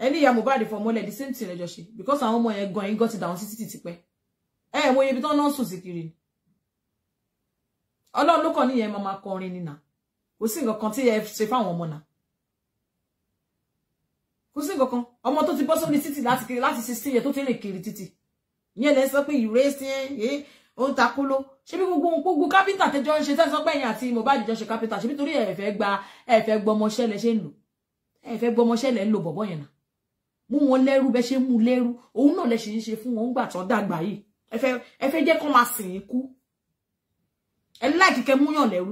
ẹ ní ìyá Mohbad fọmọlẹ the same thing lẹjọ ṣe because àwọn ọmọ yẹn gan yín gan ti dà wọn sí títì tipẹ́ ẹ ẹ mọ iye ibi tán náà sùn sí kiri Ọlọ́run ló kàn níyẹn máa máa kọrin nínà kò sí nǹkan kan tí ẹ ṣe fáwọn ọmọ náà kò sí nǹkan kan ọmọ tó ti bọ́ sórí títì láti kiri láti sixteen yẹn tó ti rìn kiri títì ìyẹn lẹ sọ pé you raise ó ń takóló ṣebí gbogbo gbogbo kápítà tẹjọ ń ṣe tẹsán pẹ̀yìn àti Mohbad jọ ṣe kápítà ṣebí torí ẹ fẹ́ gba ẹ fẹ́ gbọmọṣẹ́ lẹ ṣe ń lò ẹ fẹ́ gbọmọṣẹ́ lẹ ń lò bọ̀bọ̀ yẹn náà mú wọn lẹ́rú bẹ́ ṣe mú lẹ́rú òun náà lẹ ṣe ń ṣe fún wọn gbà tán dàgbà yìí ẹ fẹ́ ẹ fẹ́ máa sìn kú ẹ láìkí kẹ múyàn lẹ́rú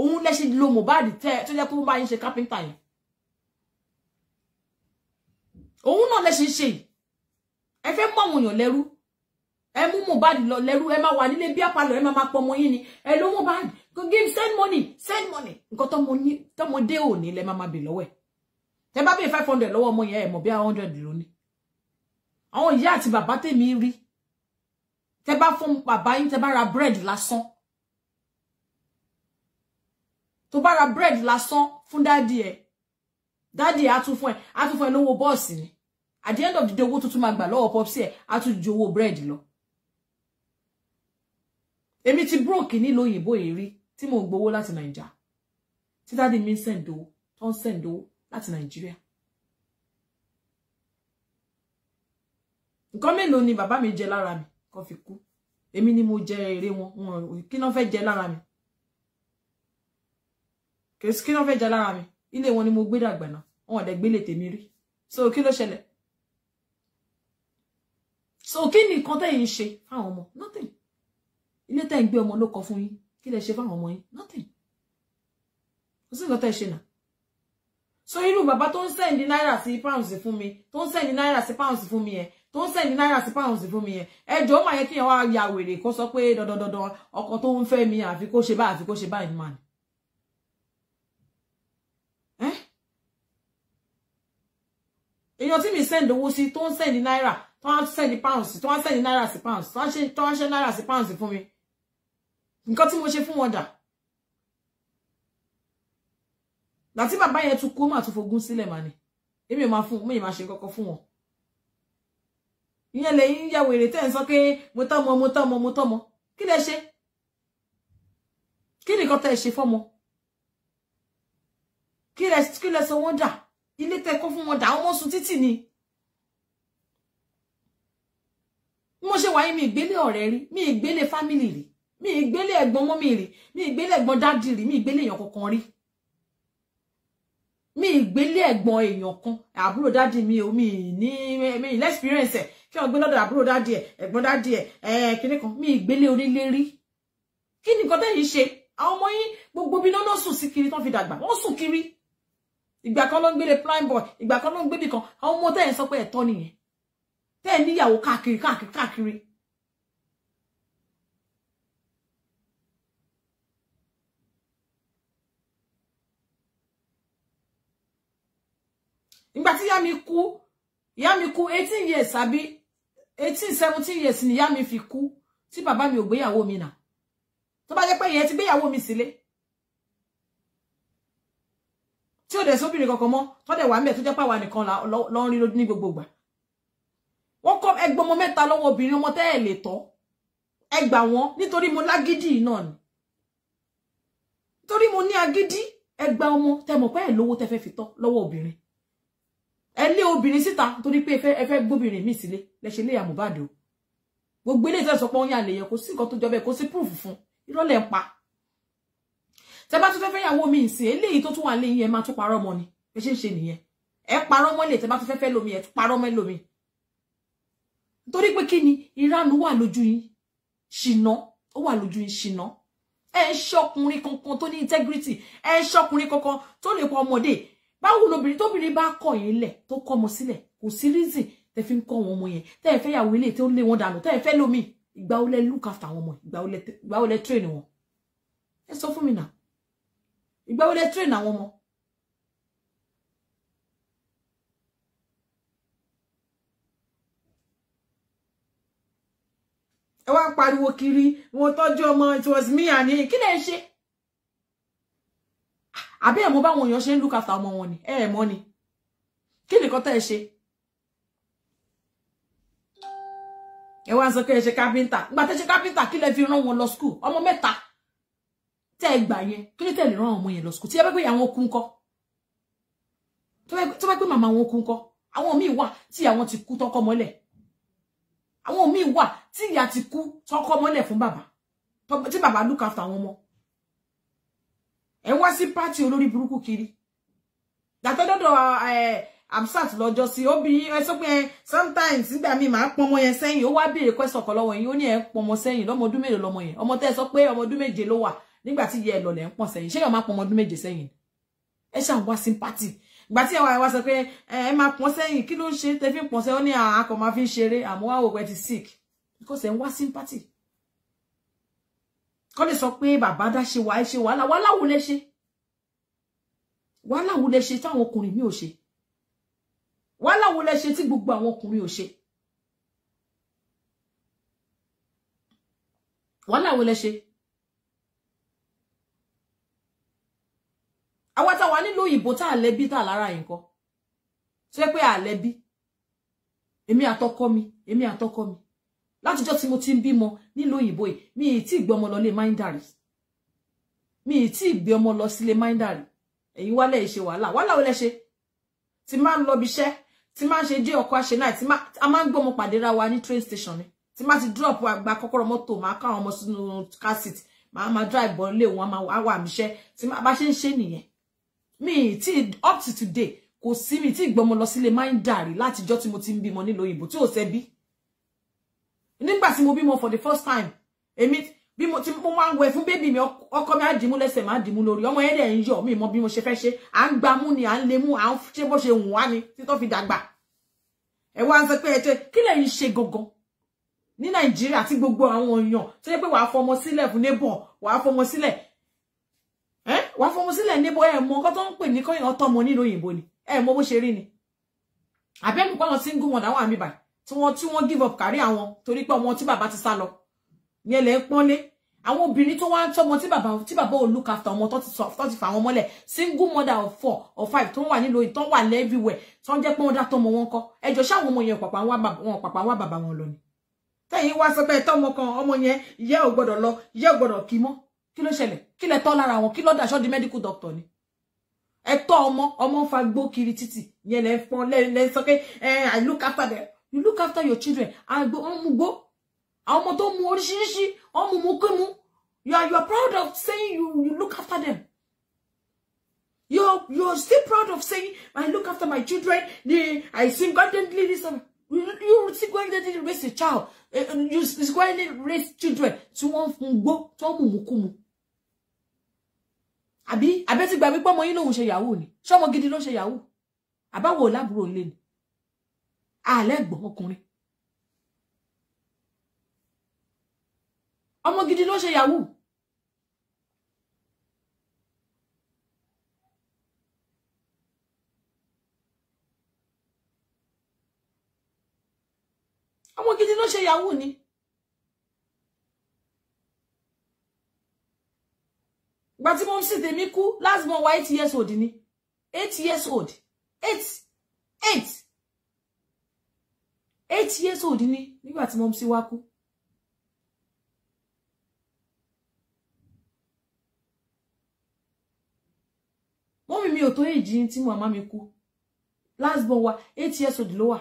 òun lẹ ṣe lo Mohbad tẹ tó jẹ́ kó bá yín ṣe kápítà yẹn òun náà lẹ ṣe ń ṣe yìí ẹ àwọn èèyàn lẹ́rú ẹ mú Mohbad lọ lẹ́rú ẹ máa wà nílé bí àpàlọ́ ẹ máa máa pọ̀ ọmọ yín ni ẹ ló Mohbad give send money send money nǹkan tọmọdé ò ní lẹ máa máa bè lọ́wọ́ ẹ̀ tẹ bá bèè five hundred lọ́wọ́ ọmọ yẹn ẹ mọ̀ bí one hundred ló ní àwọn ìyá àti bàbá tèmi rí tẹ bá fún bàbá yín tẹ bá ra bread lásán tó bá ra bread lásán fún dáàdì ẹ dáàdì ẹ á tún fún ẹ á ẹ lówó bọ́ọ̀sì ni at the end of the day owó tuntun máa gbà lọ́wọ́ pọ́psì ẹ á tún ju owó bread lọ èmi ti broke nílò òyìnbó yìí rí tí mo gbowó láti nàìjà tí dáàdi mi ń sẹ̀ǹdó tó ń sẹ̀ǹdó láti nàìjíríà ni bàbá mi jẹ lára mi kó fi kú èmi ni mo jẹ èrè wọn wọn kí ló fẹ́ jẹ lára mi kèsì kí ló fẹ́ jẹ lára mi ilé wọn ni mo gbé dàgbà náà wọn ọdẹ gbélé tèmi rí so kí ló ṣẹlẹ̀ so kí ni nǹkan tẹ̀yin ṣe fáwọn ọmọ nothing ilé tẹ́ ń gbé ọmọ ló kọ fún yín kí lẹ ṣe fáwọn ọmọ yín nothing kò sí nǹkan tẹ́ ṣe nà so irú bàbá tó ń sẹ́ndí náírà sí pounds fún mi tó ń sẹ́ndí náírà sí pounds fún mi yẹn tó ń sẹ́ndí náírà sí pounds fún mi yẹn ẹjọ́ máa yẹ kí yẹn wá ya wèrè kó sọ pé dandandandan ọkọ tó ń fẹ́ mi àfi kó ṣe báyìí àfi kó ṣe báyìí man èèyàn tí mi send owó sí tó ń send náírà tó ń send pounds tó ń send náírà sí pounds tó ń ṣe náírà sí pounds fún mi nǹkan tí mo ṣe fún wọn dà láti bàbá yẹn tún kó mà tún fogún sílẹ̀ mà ni èmi ò máa fún mi máa ṣe kọ́kọ́ fún wọn ìyẹn lẹ́yìn ya wèrè tẹ́ ń sọ mo tọ́mọ mo tọ́mọ mo tọ́mọ kí lẹ ṣe kí nìkan tẹ́ ṣe fọ́mọ kí lẹ kí lẹ sọ wọ́n dà ilé tẹ́ kó fún wọn dà ọmọ sùn títì ni mo ṣe wáyé mi ìgbélé ọ̀rẹ́ rí mi ìgbélé fámìlì rí mi igbele ẹ̀gbọ́n mọ́mì rí mi igbele ẹ̀gbọ́n dádì rí mi igbele èèyàn kankan rí mi igbele ẹ̀gbọ́n èèyàn kan àbúrò dádì mi ò mi ní mi experience ẹ̀ kí wọ́n gbé lọ́dọ̀ àbúrò dádì ẹ̀ ẹ̀gbọ́n dádì ẹ̀ kini kíní kan mi ìgbélé onílé rí kí ni nǹkan tẹ́yìn ṣe àwọn ọmọ yín gbogbo bí náà sùn sí kiri fi dàgbà wọ́n sùn kiri ìgbà kan ló ń prime boy ìgbà kan ló ń gbébì kan àwọn ọmọ tẹ́yìn sọ pé ẹ̀tọ́ nìyẹn tẹ́yìn níyàwó káàkiri káàkiri káàkiri ìgbà tí ìyá mi kú ìyá mi kú eighteen years abi eighteen seventeen years ni ìyá mi fi kú tí bàbá mi ò gbéyàwó mi nà tó bá jẹ́ pé ìyẹn ti gbéyàwó mi sílé tí ò dẹ̀ sóbìnrin kankan mọ́ tó dẹ̀ wà ń bẹ̀ tó jẹ́ pàwa nìkan lọ ń rí ní gbogbo ìgbà wọ́n kọ́ ẹgbẹ́ ọmọ mẹ́ta mo obìnrin ọmọ tẹ́ ẹ̀ lè tọ́ ẹ gbà wọ́n nítorí mo lágídí náà ni nítorí mo ní agídí ẹ gba ọmọ tẹ́ mọ̀ pé ẹ̀ lówó fi tọ́ lọ́wọ́ obìnrin lé obìnrin síta torí pé ẹ fẹ́ gbóbìnrin mi sílé lẹ ṣe léyà Mohbad o gbogbo ilé ìtọ́sọ pé wọ́n yà lè yẹ kó sí nǹkan tó jọbẹ̀ kó sí proof fún irọ́ lẹ̀ ń pa tẹ bá tún fẹ́ fẹ́ yàwó mi ìsìn eléyìí tó tún wà lé yẹn máa tún parọ́ mọ́ ni ẹ ṣe ń ṣe nìyẹn ẹ parọ́ mọ́ lè tẹ bá tún fẹ́ fẹ́ lomi ẹ tún parọ́ mọ́ lomi torí pé kí ni ìranu wà lójú yín ṣìnà ó wà lójú yín ṣìnà ẹ ń ṣọkùnrin kankan tó ní integrity ẹ ń ṣọkùnrin kankan tó lè pọ ọmọdé báwo lobìnrin tóbìnrin bá kọ̀ yín lẹ̀ tó kọ́ ọmọ sílẹ̀ kò sí reason tẹ́ fi ń kọ́ wọn ọmọ yẹn tẹ́ ẹ fẹ́ yàwó ilé tí ó lé wọn dànù tẹ́ ẹ fẹ́ lómi ìgbà wo lẹ look after àwọn ọmọ ìgbà wo lẹ train wọn ẹ sọ fún mi náà ìgbà wo lẹ train àwọn ọmọ ẹ wá pariwo kiri wọn tọ́jú ọmọ it was me àní kí lẹ ṣe àbí ẹ mọ̀ báwọn èèyàn ṣe ń look after ọmọ wọn ni ẹ mọ̀ ni kí nìkan tẹ́ ẹ ṣe ẹ wá ń sọ pé ẹ ṣe kápẹ́ńtà nígbà tẹ́ ṣe kápẹ́ńtà kí lẹ fi rán wọn lọ skul ọmọ mẹ́ta tẹ́ ẹ gbà yẹn kí ló tẹ́ lè rán ọmọ yẹn lọ skul tí ẹ bá pé àwọn okun kọ́ tó bá pé màmá wọn okun kọ́ àwọn míì wà tí àwọn ti kú tọ́kọ́ mọ́lẹ̀ àwọn míì wà tí ìyá ti kú tọ́kọ́ mọ́lẹ̀ fún bàbá tí bàbá look after àwọn ọmọ ẹ wá sí party? olórí burúkú kiri dàtọ́ dọ́dọ̀ amsat lọ́jọ́ sí ó bí ẹ sọ pé sometimes nígbà míì máa pọn ọmọ yẹn sẹ́yìn ó wá béèrè question kan lọ́wọ́ yín ó ní ẹ̀ ń pọn ọmọ sẹ́yìn lọ́mọ ọdún mélòó lọ́mọ yẹn ọmọ tẹ́ ẹ sọ pé ọmọ ọdún méje ló wà nígbà tí ìyá ẹ lọ lẹ̀ ń pọn sẹ́yìn ṣé yóò máa pọn ọmọ ọdún méje sẹ́yìn ẹ ṣàn wá sympathy ìgbà tí àwọn àwa sọ pé ẹ máa pọn sẹ́yìn kí ló ń ṣe tẹ́ fi ń pọn sẹ́yìn ó ní àkọ́ máa fi ń ṣeré àmọ́ wá ti sick because ẹ ń wá sympathy kọ́ lè sọ pé bàbá dá ṣe wàá ṣe wàhálà wàhálà wo lẹ ṣe wàhálà wo lẹ ṣe táwọn ọkùnrin mi ò ṣe wàhálà wo lẹ ṣe tí gbogbo àwọn ọkùnrin ò ṣe wàhálà wo lẹ ṣe àwọn táwa nílò òyìnbó tá a lẹ́bí tá a lára yìí kọ́ ṣé pé a lẹ́bí èmi àtọkọ mi èmi àtọkọ mi látijọ́ tí mo ti ń bímọ nílùú òyìnbó yìí mi ì tí ì gbé ọmọ lọ lé máìndàrí mi ì tí ì gbé ọmọ lọ sílé máìndàrí èyí wálẹ̀ ìṣe wàhálà wàhálà ó lẹ́ṣe ti máa ń lọ ibiṣẹ́ ti máa ń ṣe dé ọkọ̀ àṣẹ náà a máa ń gbọ́mọ pàdé ra wa ní train station ni ti máa ti drop àgbà kọ́kọ́rọ́ mọ́tò máa káwọn ọmọ sínú car seat máa máa drive bọ́ lé wọn máa wà míṣẹ́ tí bá ṣe ń ṣe nìyẹn mi tí up to today kò sí mi tí gbọ́mọ lọ sílé máa ń dàrí látijọ́ tí mo ti ń bímọ nílò òyìnbó tí ò sẹ́bí nígbà tí mo bímọ for the first time èmi bí mo ti mo máa ń wẹ fún bébì mi ọkọ mi á dìímú lẹ́sẹ̀ máa dìímú lórí ọmọ yẹn dẹ̀ ń yọ̀ mí mọ bí mo ṣe fẹ́ ṣe à ń gba mú ni à ń lé mú à ń ṣe bó ṣe wùn wá ni títọ́ fi dàgbà ẹ wá ń sọ pé ẹjẹ kí lẹ̀ ń ṣe gangan ní nàìjíríà tí gbogbo àwọn èèyàn tó yẹ pé wàá fọmọ sílẹ̀ fún nébọ̀ wàá fọmọ sílẹ̀ ẹ wàá fọmọ sílẹ̀ nébọ̀ ẹ mọ nǹkan tó ń pè ní kọ́yìn ọtọ́mọ nílò òyìnbó ni ẹ mọ bó ṣe rí ni àbẹ́nu single mother wà mí báyìí tí wọ́n tí wọ́n give up kárí àwọn torí pé ọmọ tí bàbá ti sá lọ yẹn lẹ́ ń pọ́nlé àwọn obìnrin tó wá ń tọ́mọ tí bàbá tí bàbá ò look after ọmọ tó ti sọ tó ti fà wọn mọ́lẹ̀ single mother of four or five tó wà nílò ìtọ́ wà everywhere tó ń jẹ́ pé wọ́n dá tọ́mọ wọn kọ́ ẹjọ́ ṣáwọn ọmọ yẹn pàpà wọn pàpà wá bàbá wọn lọ ni tẹ́yìn wá sọ pé tọ́mọ kan ọmọ yẹn ìyá ò gbọ́dọ̀ lọ ìyá ò gbọ́dọ̀ kí mọ́ kí ló ṣẹlẹ̀ kí lẹ tọ́ lára wọn kí ló dàṣọ́ di medical doctor ni ẹ tọ́ ọmọ ọmọ fa gbó kiri títì yẹn lẹ fọn lẹ sọ pé ẹ eh, i look after them You look after your children. I go. mu tó ọ̀n mu You are, you are proud of saying you, you look after them. You're, you're still proud of saying, I look after my children. I sing constantly. this. Um, you, you single to raise a child. Eh, eh, you single to raise children. Tí go. fún gbó, Abi, I mu mu kú mu àbí àbẹ́tìgbà wípé ọmọ yín lòun ṣe yahoo ni ṣọmọ gidi ló yahoo àbáwò lábúrò ilé ni àlẹ́gbọ̀n ọkùnrin ọmọ gidi ló ṣe yahoo ọmọ gidi ló ṣe yahoo ni. gba tí mo ń sì tèmi kú last month wa eight years old ni eight years old eight eight eight years old ni nígbà tí mọ́mísí wá kú. mọ́mí mi ò tó èjì tí màmá mi kú last born wa eight years old ló wà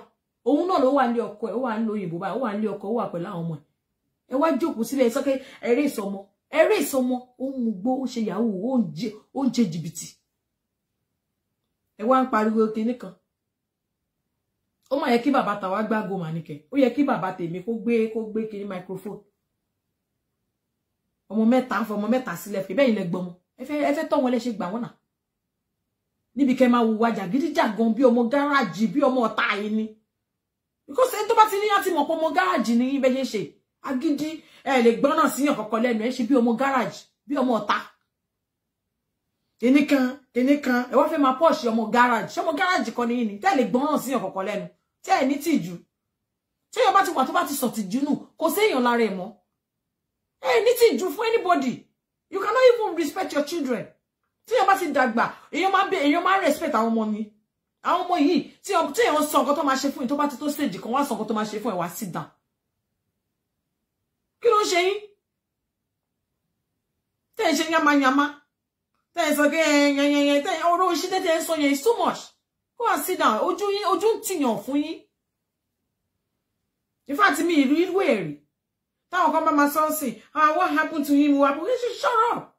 òun náà ló wà nílé ọkọ ẹ ó wà ń lo òyìnbó báyìí ó wà nílé ọkọ ó wà pẹ̀lú àwọn ọmọ ẹ ẹ wá jókòó síbẹ̀ ẹ sọ ìsọmọ ẹrẹ ìsọmọ ó ń mugbó ó ṣe yahoo ó ń jẹ jìbìtì ẹ wá ń pariwo kinní kan ó mà yẹ kí bàbá tàwa gbágo mà nìkẹ́ ó yẹ kí bàbá tèmi kó gbé kó gbé kiri microphone ọmọ mẹ́ta ń fọ ọmọ mẹ́ta sílẹ̀ fẹ́ bẹ́ẹ̀ ilẹ̀ gbọmọ ẹ fẹ́ tọ́ wọn lẹ́ṣẹ̀ gbà wọ́n nà níbi kẹ́ máa wùwà jàgídíjàgan bí ọmọ gáràjì bi ọmọ ọ̀tá yìí ni because ẹni tó bá ti ní láti mọ̀ pé ọmọ gáràjì ni ibẹ̀ ṣe ṣe agídí ẹ lè gbọ́nà síyàn kọ̀ọ̀kan lẹ́nu ẹ ṣe bí ọmọ gáràjì bí ọmọ ọ̀tá kíní kan kíní kan ẹ wá fẹ́ máa pọ́ọ̀ṣì ọmọ gáràjì ṣọmọ gáràjì kan nìyí ni tẹ́lẹ̀ gbọ́ràn síyàn kọ̀kọ̀ lẹ́nu tẹ́ ẹ̀ ní tìjú tí èèyàn bá ti wà tó bá ti sọ̀tì jù nù kò sí èèyàn lára ẹ̀ mọ́ ẹ ní tìjú fún anybody you cannot even respect your children tí èèyàn bá ti dàgbà èèyàn máa bẹ èèyàn máa respect àwọn ọmọ mi àwọn ọmọ yìí tí èèyàn sọ nǹkan tó máa ṣe fún yìí tó bá ti tó stage kan wá sọ nǹkan tó máa ṣe fún ẹ wá sit down kí ló ń ṣe yín tẹ́ ẹ ṣe yánmayánmá tẹ́ ẹ sọ pé ẹ̀yẹ̀yẹ̀ tẹ́ ọ̀rọ̀ òṣì tẹ́ ẹ sọ yẹn is too much go and sit down ojú yín ojú ń tìyàn fún yín in fact mi ìlú ìlú èrè táwọn kan bá máa sọ sí ah what happened to him what happened he should shut up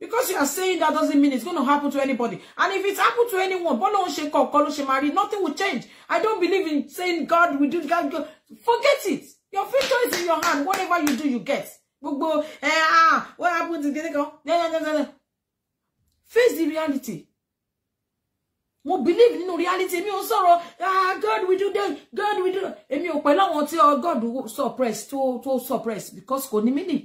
because you are saying that doesn't mean it's going to happen to anybody and if it happen to anyone bọ́lá òun ṣe kọ̀ọ̀kan ló ṣe máa rí nothing will change i don't believe in saying god will do god go forget it your future is in your hand whatever you do you get gbogbo ẹ eh, ah what happened to gẹ́gẹ́ kan face the reality mo believe nínú reality mi ò sọ̀rọ̀ ah god we do that god we do that èmi ò pẹ̀lú àwọn tí oh, god suppress to to suppress because kò ní meaning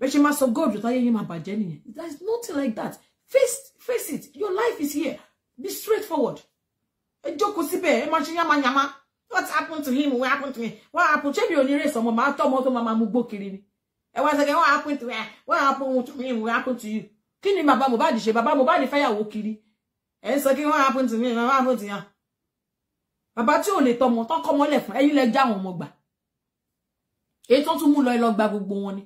bẹ́ẹ̀ ṣe máa sọ god to yín máa bàjẹ́ nìyẹn there is nothing like that face face it your life is here be straightforward ẹ jókòó E ẹ máa ṣe yámayàmá what happened to him what happened to me what happened ṣé mi ò ní rèé sọmọ màá tọ́ ọmọ tó máa ni ẹ wá sọ pé what happened to me what happened to me what happened to you kí ni bàbá Mohbad ṣe bàbá Mohbad fẹ́yàwó kiri ẹ̀ ń sọ kí wọ́n happen to me wọ́n happen to yàn bàbá tí ò lè tọmọ tán kọ́ mọ́lẹ̀ fún ẹ̀yin lẹ já àwọn ọmọ gbà èyí tó tún mú lọ ẹ lọ gba gbogbo wọn ni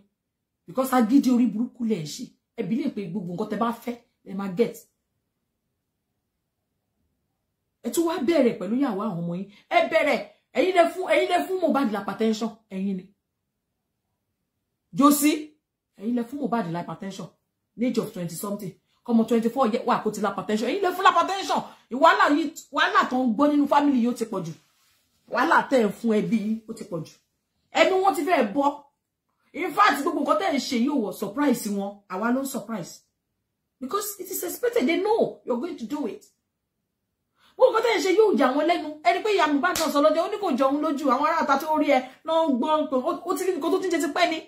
because agídí orí burúkú lẹ̀ ń ṣe ẹ bí lè pe gbogbo nǹkan tẹ bá fẹ́ ẹ máa get ẹ tún wá bẹ̀rẹ̀ pẹ̀lú ìyàwó àwọn ọmọ yín ẹ bẹ̀rẹ̀ ẹ̀yin lẹ fún ẹ̀yin lẹ fún Mohbad hypertension ẹ̀yin ni josi ẹ̀yin lẹ fún Mohbad hypertension age of twenty something kọmọ twenty four yẹ wà kó ti lápá tẹ́ńṣọ̀n èyí lè fún lápá tẹ́ńṣọ̀n ìwàhálà yìí wàhálà tó ń gbọ́ family? fámìlì yìí ó ti pọ̀ jù wàhálà tẹ́ ẹ̀ fún ẹbí yìí ó ti pọ̀ jù ẹnu wọn ti fẹ́ bọ́ in fact gbogbo nǹkan tẹ́ ẹ̀ ń ṣe surprise wọn àwa ló ń surprise because it is expected they know you're going to do it wọ́n kọ́ tẹ́ ń ṣe yóò jà wọn lẹ́nu ẹni pé ìyá Mohbad náà sọ lọ́dẹ ó ní kò jọun lójú àwọn ará àta tó rí ẹ náà ń gbọ́n pé ó ti rí nǹkan tó ti ń ti pẹ́ ni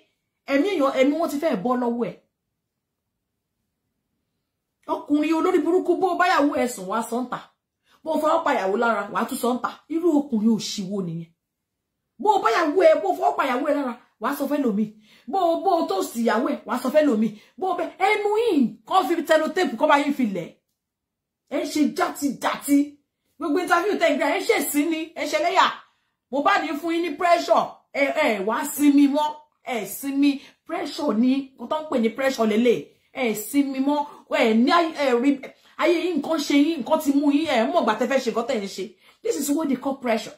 ẹ̀mí èèyàn ẹ̀mí wọn ti fẹ́ bọ́ lọ́wọ́ ẹ̀ ọkùnrin olórí burúkú bó báyàwó ẹ̀sùn wá sọ́ǹtà bó fọwọ́ pàyàwó lára wàá tún sọ́ǹtà iru ọkùnrin òṣìwò nìyẹn bó báyàwó ẹ bó fọwọ́ pàyàwó ẹ lára wàá sọ fẹ́ lómi bó bó tó sì yàwó ẹ wàá sọ fẹ́ lómi bó bẹ ẹnu yìí kọ́ fi tẹnotéèpù kọ́ bá yín fi lẹ̀ ẹ ń ṣe játijàti gbogbo interview tẹ̀ ń gbà ẹ ń ṣèṣin ni ẹ ṣẹlẹ́yà mo bá ní fún yín ní pressure ẹ ẹ wá sinmi mọ́ ẹ sinmi pressure ni kò tó ń pè ní pressure lélẹ̀ ẹ sí mi mọ́ ẹ ní ẹ̀rí ayé yín nǹkan ṣe yín nǹkan ti mú yín ẹ mọ̀ gbà tẹ́ ṣe nǹkan tẹ́ ń ṣe this is what they call pressure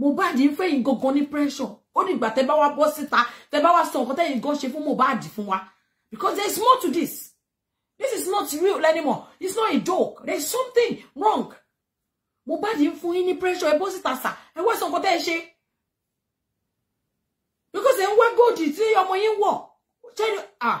Mohbad ń fẹ́ yín gangan ní pressure ó ní ìgbà tẹ́ bá wá bọ́ síta tẹ́ bá wá sọ nǹkan tẹ́ yín gan ṣe fún Mohbad fún wa because there is more to this this is not real anymore it's not a joke there is something wrong Mohbad ń fún yín ní pressure ẹ bọ́ síta sà ẹ wá sọ nǹkan tẹ́ ẹ ṣe because ẹ ń wá góòdì tí ọmọ yín wọ̀ ṣé ah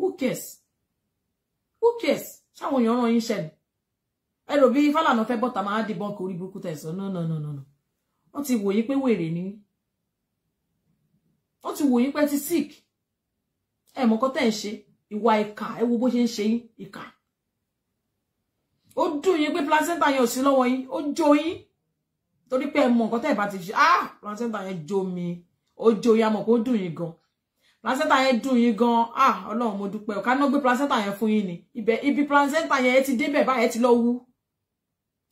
who cares who cares ṣáwọn èèyàn ràn yín ṣẹ ni ẹ rò bí Fálànà fẹ́ bọ́ta máa dìbọn kò rí burúkú tẹsán no no no no no wọ́n ti wòye pé wèrè ni wọ́n ti wòye pé ti sick ẹ mọ nǹkan tẹ́ ń ṣe ìwà ìkà ẹ wo bó ṣe ń ṣe yín ìkà ó dùn yín pé placenta yẹn ò sí lọ́wọ́ yín ó jó yín torí pé ẹ mọ nǹkan tẹ́ ti ṣe ah placenta yẹn jó mi ó jó yín a mọ̀ dùn yín gan placenta yẹn dùn yín gan ah Ọlọ́run mo dúpẹ́ ò ká ná gbé placenta yẹn fún yín ni ibẹ̀ ibi placenta yẹn ẹ ti débẹ̀ báyìí ẹ ti lọ wú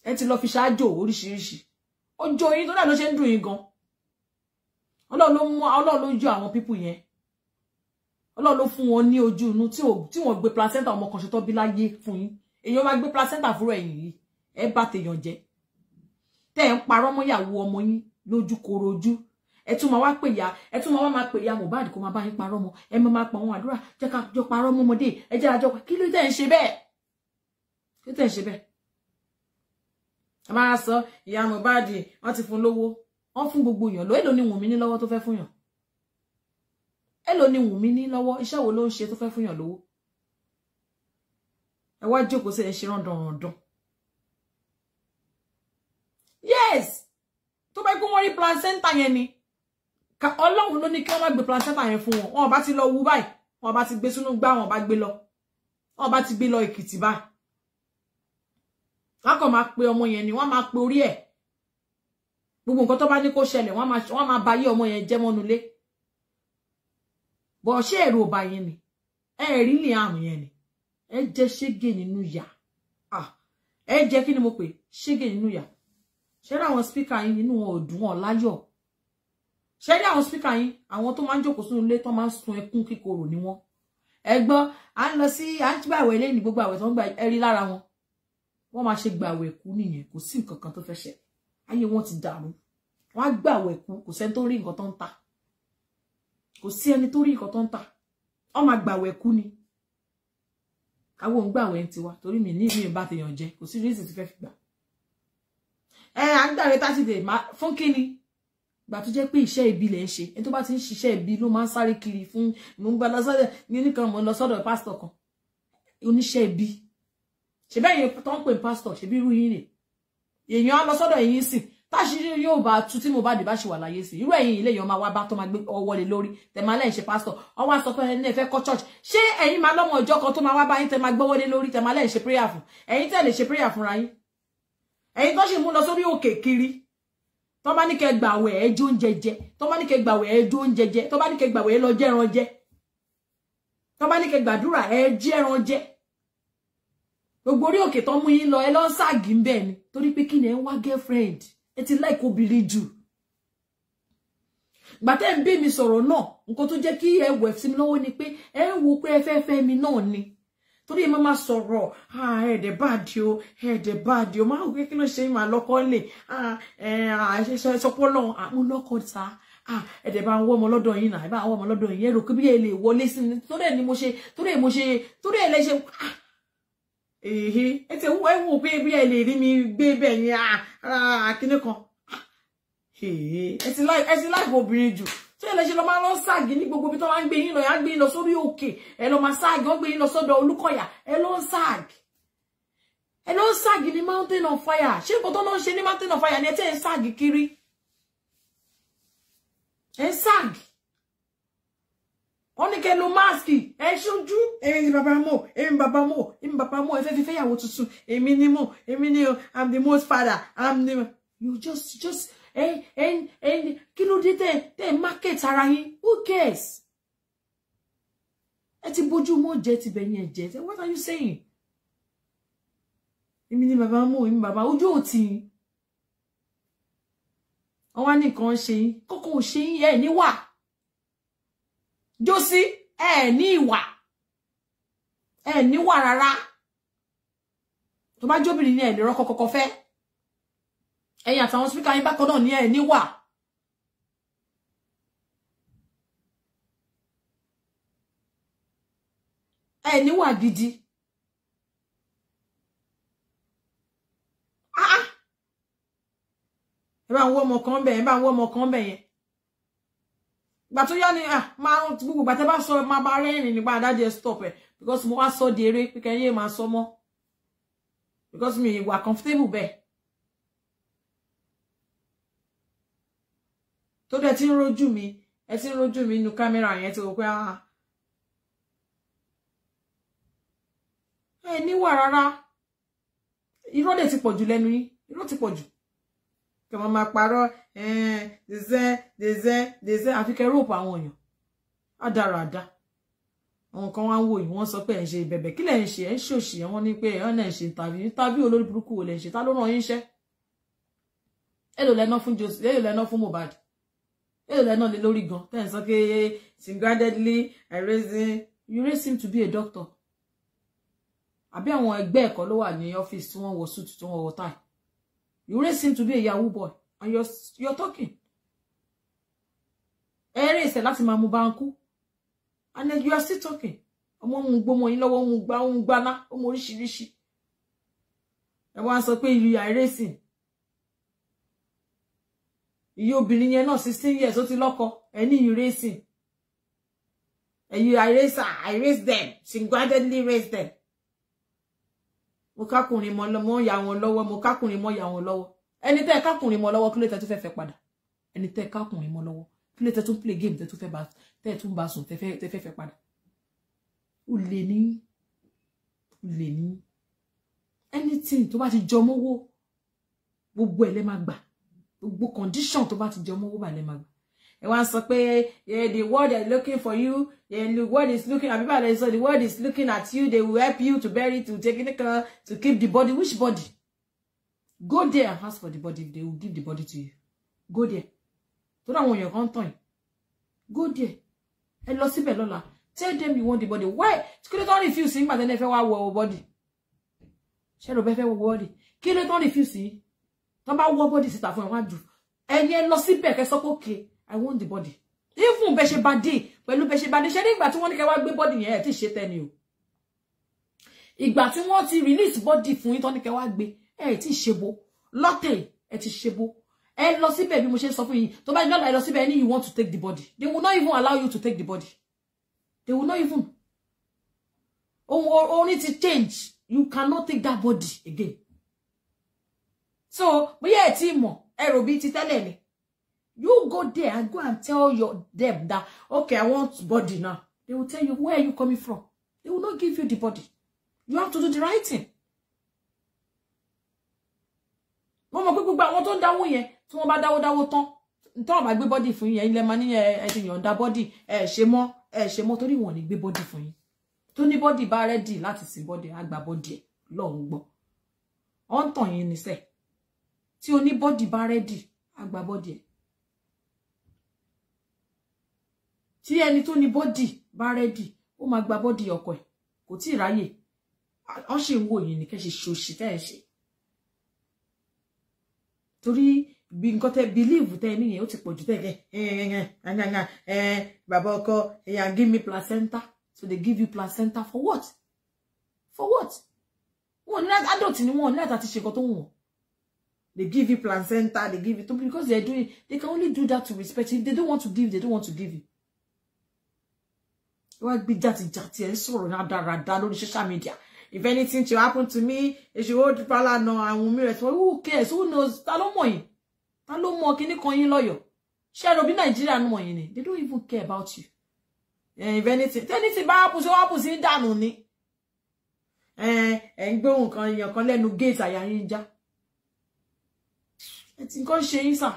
ẹ ti lọ fi ṣáájò oríṣiríṣi ojú yín tó dà ló ṣe ń dùn yín gan Ọlọ́run ló mú Ọlọ́run ló yọ àwọn pípù yẹn Ọlọ́run ló fún wọn ní ojú inú tí wọ́n gbé placenta ọmọ kan ṣe tó bí láyé fún yín èèyàn máa gbé placenta fúnra ẹ̀yìn yìí ẹ bá tèèyàn jẹ tẹ́ ẹ̀ ń parọ́ mọ́yàwó ọmọ yín lójú korojú ẹ tún máa wá pè ya ẹ tún máa wá máa pè ya Mohbad kó máa bá yín parọ́ mọ́ ẹ máa máa pa àwọn àdúrà jẹ́ ká jọ parọ́ mọ́ ọmọdé ẹ jẹ́ àjọ kí ló tẹ̀ ń ṣe bẹ́ẹ̀ kí ló tẹ̀ ń ṣe bẹ́ẹ̀ ẹ máa sọ ìyá Mohbad wọ́n ti fún lówó wọ́n fún gbogbo èèyàn lọ èlò ni Wùnmí ní lọ́wọ́ tó fẹ́ fún yàn èlò ni Wùnmí ní lọ́wọ́ iṣẹ́ wo ló ń ṣe tó fẹ́ fún yàn lówó ẹ wá jókòó sí ẹ ṣe rándanrandan yes tó bá kó wọ́n rí placenta yẹn ni ka Ọlọ́run ló ní kí wọ́n má gbé placenta yẹn fún wọn wọn bá ti lọ wú báyìí wọn bá ti gbé sínú gbá wọn bá gbé lọ wọn bá ti gbé lọ Èkìtì báyìí wọn kàn máa pe ọmọ yẹn ni wọ́n máa pe orí ẹ̀ gbogbo nǹkan tó bá ní kó ṣẹlẹ̀ wọ́n máa wọ́n máa bayé ọmọ yẹn jẹ́ mọ́nulé bọ̀ ṣé èrò ọba yẹn ni ẹ rí ní àrùn yẹn ni ẹ jẹ ṣége nínú yà ẹ jẹ kí ni mo pè ṣége nínú yà ṣé ra spíkà yín nínú wọn ò dùn wọn láyọ̀ ṣé ní àwọn spíkà yín àwọn tó máa ń jókòó sínú ilé tó máa ń sun ẹkún kíkorò ni wọn ẹ gbọ́ à ń lọ sí à ń gbàwẹ̀ ilé ní gbogbo àwẹ̀ tó ń gbà ẹ rí lára wọn wọ́n máa ṣe gbàwẹ̀ kú nìyẹn kò sí nǹkan kan tó fẹ́ ṣe ayé wọn ti dàrú wọ́n á gbàwẹ̀ kú kò sẹ́ni tó rí nǹkan tó ń tà kò sí ẹni tó rí nǹkan tó ń tà wọ́n máa gbàwẹ̀ kú ni káwọn ń gbàwẹ̀ ń tiwa torí mi ní ìrìn bá ti yàn jẹ kò sí rísì ti fẹ́ fi gbà ẹ à ń gbàwẹ̀ tásìdè fún kíni gbà tó jẹ́ pé iṣẹ́ ibi lẹ̀ ń ṣe ẹni tó bá ti ń ṣiṣẹ́ ibi ló máa ń sáré kiri fún mò ń gba lọ sọ́dọ̀ ní nìkan mò ń lọ sọ́dọ̀ pásítọ̀ kan oníṣẹ́ ibi ṣe bẹ́ẹ̀ yẹn tó ń pè pásítọ̀ ṣe bí irú yín rè èèyàn á lọ sọ́dọ̀ yín sìn táṣírí yóò bá tú tí mo bá dé bá ṣe wà láyé sí irú ẹ̀yin ilé èèyàn máa wá bá tó máa gbé ọwọ́ lé lórí tẹ̀ máa lẹ́yìn ṣe pásítọ̀ ọwọ́ aṣọ pé ẹni ẹ̀fẹ́ kọ́ church ṣé ẹ̀yin máa lọ́mọ ọjọ́ kan tó máa wá bá yín tẹ̀ máa gbọ́wọ́ lé lórí tẹ̀ máa lẹ́yìn ṣe prayer fún ẹ̀yin tẹ̀ lè ṣe prayer fúnra yín ẹ̀yin tó ṣì mú lọ sórí òkè kiri tó bá ní kẹ́ gbàwẹ̀ ẹ jó oúnjẹ jẹ tó bá ní kẹ́ gbàwẹ̀ ẹ jó oúnjẹ jẹ tó bá ní kẹ́ gbàwẹ̀ ẹ lọ jẹran jẹ tó bá ní kẹ́ gbàdúrà ẹ jẹran jẹ gbogbo orí òkè tó mú yín lọ ẹ lọ ságì ń bẹ ni torí pé kí ni ẹ ń wá girlfriend ẹ ti like obìnrin jù gbàtẹ́ ń bí mi sọ̀rọ̀ náà nǹkan tó jẹ́ kí ẹ wẹ̀ sí mi lọ́wọ́ ni pé ẹ ń wo pé ẹ fẹ́ fẹ́ mi náà ni torí ẹ máa sọ̀rọ̀ ẹ̀ẹ́dẹ̀ báàdì o ẹ̀ẹ́dẹ̀ báàdì o máa wò pé kí ló ṣe máa lọ́kọ́ lè ṣọpọ́lọ́ àmú lọ́kọ́ ta ẹ̀ẹ́dẹ̀ bá ń wọ́ ọmọ lọ́dọ̀ yìí náà ẹ̀ bá ń wọ́ ọmọ lọ́dọ̀ yìí ẹ̀rọ kébí ẹ̀ lè wọlé sí ni torí ẹ̀ ni mo ṣe torí ẹ̀ mo ṣe torí ẹ̀ lẹ́ ṣe èhè ẹ ti wọ ẹwọ pé bí ẹ lè rí mi gbé bẹ́ẹ̀ yẹn àkíní kan ẹ ti láì obìnrin jù ṣé ilẹ̀ ṣe lọ máa lọ ságì ní gbogbo ibi tó máa ń gbé yín lọ yà á gbé yín lọ sórí òkè ẹ lọ máa ságì ó gbé yín lọ sọ́dọ̀ Olúkọ̀yà ẹ lọ ń ságì ẹ lọ ń ságì ní mountain of fire ṣé nǹkan tó lọ ń ṣe ní mountain of fire ni ẹ tẹ́ ẹ ń ságì kiri ẹ ń ságì wọ́n ní kẹ́ lo máàsì ẹ ṣojú èmi ni bàbá mọ̀ èmi bàbá mọ̀ èmi bàbá mọ̀ ẹ fẹ́ fi fẹ́yàwó tuntun èmi ni mọ̀ èmi ni i'm the most father i'm the you just just kí ló dé tẹ́ tẹ́ market ara yín who cares ẹ ti bójú mọ́ jẹ́ ti bẹ̀yìn ẹ̀jẹ̀ tẹ́ what are you saying èmi ni bàbá mú èmi bàbá ojú òtí wọn wá nìkan ṣe yín kókó ṣe yín ẹ níwà jósí ẹ ní ìwà ẹ níwà rárá tó bá jóbìnrin ní ẹ lè rọkọ kọkọ fẹ́ ẹ̀yin àtàwọn spíkà yín bákan náà ní ẹ̀ níwà. ẹ níwà gidi. Ah, ah. ẹ bá ń wọ́ ọmọ kan bẹ̀ ẹ bá ń wọ́ ọmọ kan bẹ̀ yẹn gbà tó yá ni ah máa gbogbo gbà tẹ́ bá sọ máa bá rẹ́rìn nípa adájẹ stop ẹ because mo wá sọ di eré pé kẹyìn máa sọ mọ́ because mi ìwà comfortable bẹ́ẹ̀ tó dẹ̀ ti ń rojú mi ẹ ti ń rojú mi nínú kámẹ́rà yẹn ti rò pé ah ẹ níwà rárá irọ́ dẹ̀ ti pọ̀ jù lẹ́nu yín irọ́ ti pọ̀ jù kí wọ́n máa parọ́ dèzẹ́ dèzẹ́ dèzẹ́ àfi kẹ́ rọ́ọ̀pù àwọn èèyàn á dára àdá àwọn kan wá ń wò yìí wọ́n sọ pé ẹ̀ ń ṣe bẹ̀bẹ̀ kí lẹ̀ ń ṣe ẹ̀ ń ṣòṣì wọ́n ní pé ẹ̀ ń ṣe tàbí tàbí olórí burúkú wo lẹ̀ ń ṣe ta ló ràn yín iṣẹ́ èlò lẹ́ná fún fún Mohbad èlò lẹ́nà lé lórí gan tẹ́ ẹ̀ sọ pé singradedly i raise you raise him to be a doctor àbí àwọn ẹgbẹ́ ẹ̀kọ́ ló wà ní ọ́fíìsì tí wọ́n wọ suit tí wọ́n wọ tie you raise him to be a yahoo boy and you're, you're talking ẹ̀rẹ́ ìṣẹ̀ láti máa mú báńkú and then you are still talking ọmọ mu gbọmọ yín lọ́wọ́ mu gbá ń gbaná ó mọ oríṣiríṣi ẹ wá sọ pé you are racing ìyí obìnrin yẹn náà sixteen years ó ti lọ́kọ ẹni yìí racing ẹ̀yin i raise i raise them she gladly raise them mo kákùnrin mọ lọ mo ya wọn lọ́wọ́ mo kákùnrin mọ ya wọn lọ́wọ́ ẹni tẹ́ kákùnrin mọ lọ́wọ́ kí ló tẹ́ tún fẹ́ fẹ́ padà ẹni tẹ́ kákùnrin mọ lọ́wọ́ kí ló tẹ́ tún play game tẹ́ tún fẹ́ bá tẹ́ tún bá sùn tẹ́ fẹ́ fẹ́ fẹ́ padà ó lè ní ó lè ní anything tó bá ti jọ mọ́wọ́ gbogbo ẹ̀ lẹ́ máa gbà gbogbo condition tó bá ti jẹ ọmọ owó balẹ̀ máa gbà ẹ wá sọ pé eh, the world is looking for you eh, the world is looking àbí bàlẹ̀ sọ the world is looking at you they will help you to bury to take it to keep the body which body go there and ask for the body they will give the body to you go there tó dáwọn èèyàn kan tàn yìí go there ẹ lọ síbẹ̀ lọ́la tell them you want the body why kí ló tán refuse nígbà tẹ́lẹ̀ fẹ́ wá wọ body ṣé ló bẹ́ fẹ́ wọ body kí ló tán refuse yìí tán bá wọ́ body síta fún ẹ wá jù ẹni ẹ lọ síbẹ̀ kẹ́ sọ pé i want the body even bẹ́ ṣe bá dé pẹ̀lú bẹ́ ṣe bá dé ṣe ní ìgbà tí wọ́n ní kẹ́ wá gbé bọ́dì yẹn ẹ̀ tí ṣe tẹ́ni o ìgbà tí wọ́n ti release body fún yín tán ní kẹ́ wá gbé ẹ̀ tí ṣe bo lọ́tẹ̀ ẹ̀ ti ṣe bo ẹ lọ síbẹ̀ bí mo ṣe sọ fún yín tó bá gbọ́dọ̀ ẹ lọ síbẹ̀ ẹni you want to take the body they will not even allow you to take the body they will not even ohun orin ti change you cannot take that body again so bóyá ẹ ti mọ̀ ẹrù bíi ti tẹ́lẹ̀ ni you go there and go and tell your them that okay I want body now they will tell you where you coming from they will not give you the body you have to do the right thing. wọ́n mọ̀ pé gbogbo àwọn tó ń dáwó yẹn tí wọ́n bá dáwó dáwó tán tí wọ́n bá gbé bọ́dì fún yín ilẹ̀ máa ní ẹ ti yọ̀ǹda bọ́dì body, ṣe mọ́ ẹ ṣe mọ́ torí wọ́n ní gbé bọ́dì fún yín tó ní bọ́dì bá rẹ́dì láti sin bọ́dì á gba bọ́dì ẹ̀ lọ́hùn gbọ́ ọ̀ ń tàn yín níṣẹ́ tí oníbọ́dì bá rẹ́dì àgbà bọ́dì ẹ̀ tí ẹni tó ní bọ́dì bá rẹ́dì ó máa gba bọ́dì ọkọ ẹ̀ kò tí ì ráyè ọ ṣe ń wò yín ní kẹ́ṣe ṣòṣì tẹ́ ẹ̀ ṣe torí bí nǹkan tẹ bílíìfù tẹ níyẹn ó ti pọ̀ eh tẹ́gẹ̀ bàbá ọkọ ẹ̀yà give me placenta so they give you placenta for what for what wọn ní adult ni wọn ní àtàtì ṣe nǹkan tó wù wọn They give you placenta, they give it to because they're doing they can only do that to respect you. If they don't want to give, they don't want to give you. You want to be jati jati and sorrow now that on social media. If anything should happen to me, it should hold pala no and will mirror. Who cares? Who knows? Ta ló mọ̀ yín. Ta ló mọ̀ kíní kan yín lọ́yọ̀. Share obi Nigeria no mọ̀ They don't even care about you. Eh, if anything, anything bad, happen, so happen in dànù ni. Eh, and ń gbé nǹkan èèyàn kan lẹ́nu gate àyà yín ẹ nǹkan ṣe yín sàn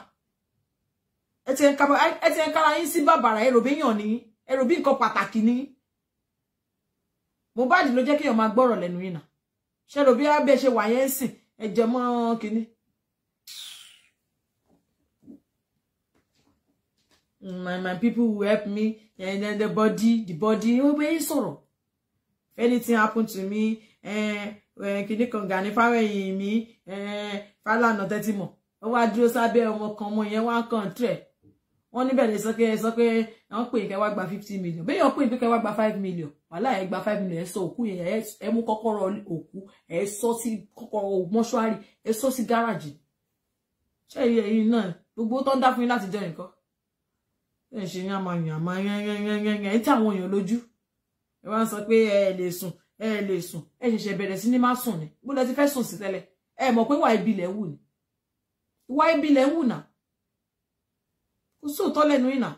ẹ ti ẹ yín sí bàbàrà ẹ bí yàn ní ẹ bí nǹkan pàtàkì ní Mohbad ló jẹ́ kéèyàn máa gbọ́rọ̀ lẹ́nu yìí nà ṣe bí abẹ́ ṣe wà yẹn sìn ẹ mọ́ kínní. my my people who help me and then the body the body ó gbé yín sọ̀rọ̀ if anything happen to me eh, eh, kínní kan gani fáwọn èyí mi eh, fálànà tẹ́tí mọ̀ ó wá dúró sábẹ́ ọmọ kan ọmọ yẹn wá kàn tẹ̀ wọ́n níbẹ̀ lè sọ pé sọ pé wọ́n pè kẹ́ wá gba fifty million bẹ́ẹ̀ yóò pè pé kẹ́ wá gba five million wàhálà ẹ̀ gba five million ẹ̀ sọ òkú yẹn ẹ̀ mú kọ́kọ́rọ́ òkú ẹ̀ sọ sí kọ́kọ́rọ́ mọ́ṣúárì ẹ̀ sọ sí gáràjì ṣé ìyẹn yìí náà gbogbo tó ń dá fún yín láti jọ nǹkan ẹ̀ ṣe yàn máa yàn máa yàn yàn yàn yàn yàn ẹ̀ tí àwọn èèyàn lójú ẹ̀ wá ń sọ pé ẹ̀ lè sùn ẹ̀ lè sùn ẹ̀ ṣẹ̀ṣẹ̀ bẹ̀rẹ̀ sí ní má sùn ni bó lẹ ti fẹ́ sùn sí tẹ́lẹ̀ ẹ̀ mọ̀ pé wà ibi ilẹ̀ wù ni wa ebile lẹ̀ ń wù náà kò sóòótọ́ lẹ́nu ìnà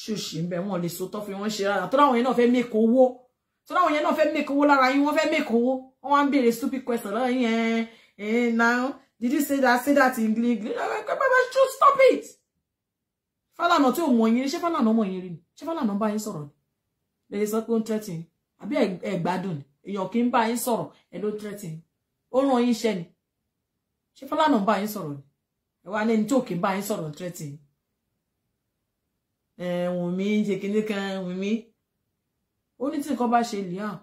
ṣòṣì ń bẹ wọn fi wọ́n ṣe rárá tó láwọn yẹn náà fẹ́ mẹ́kọ owó tó láwọn yẹn náà fẹ́ mẹ́kọ stupid question eh, eh, say that in English stop it Fálànà tí ti o yín ṣé Fálànà ọmọ yín rí ni ṣé Fálànà bá yín sọ̀rọ̀ ni lè sọ pé ó threatening àbí ẹ̀gbádùn ni èèyàn ki í bá yín sọ̀rọ̀ ẹ̀ ló threatening ó ni ṣé Fọlànà ń bá yín sọ̀rọ̀ ni ẹ wá lẹ́ni tí òkè ń bá yín sọ̀rọ̀ tírẹ́tì ẹ Wùnmí ń ṣe kinní kan Wùnmí ó ní tí nǹkan bá ṣe Liam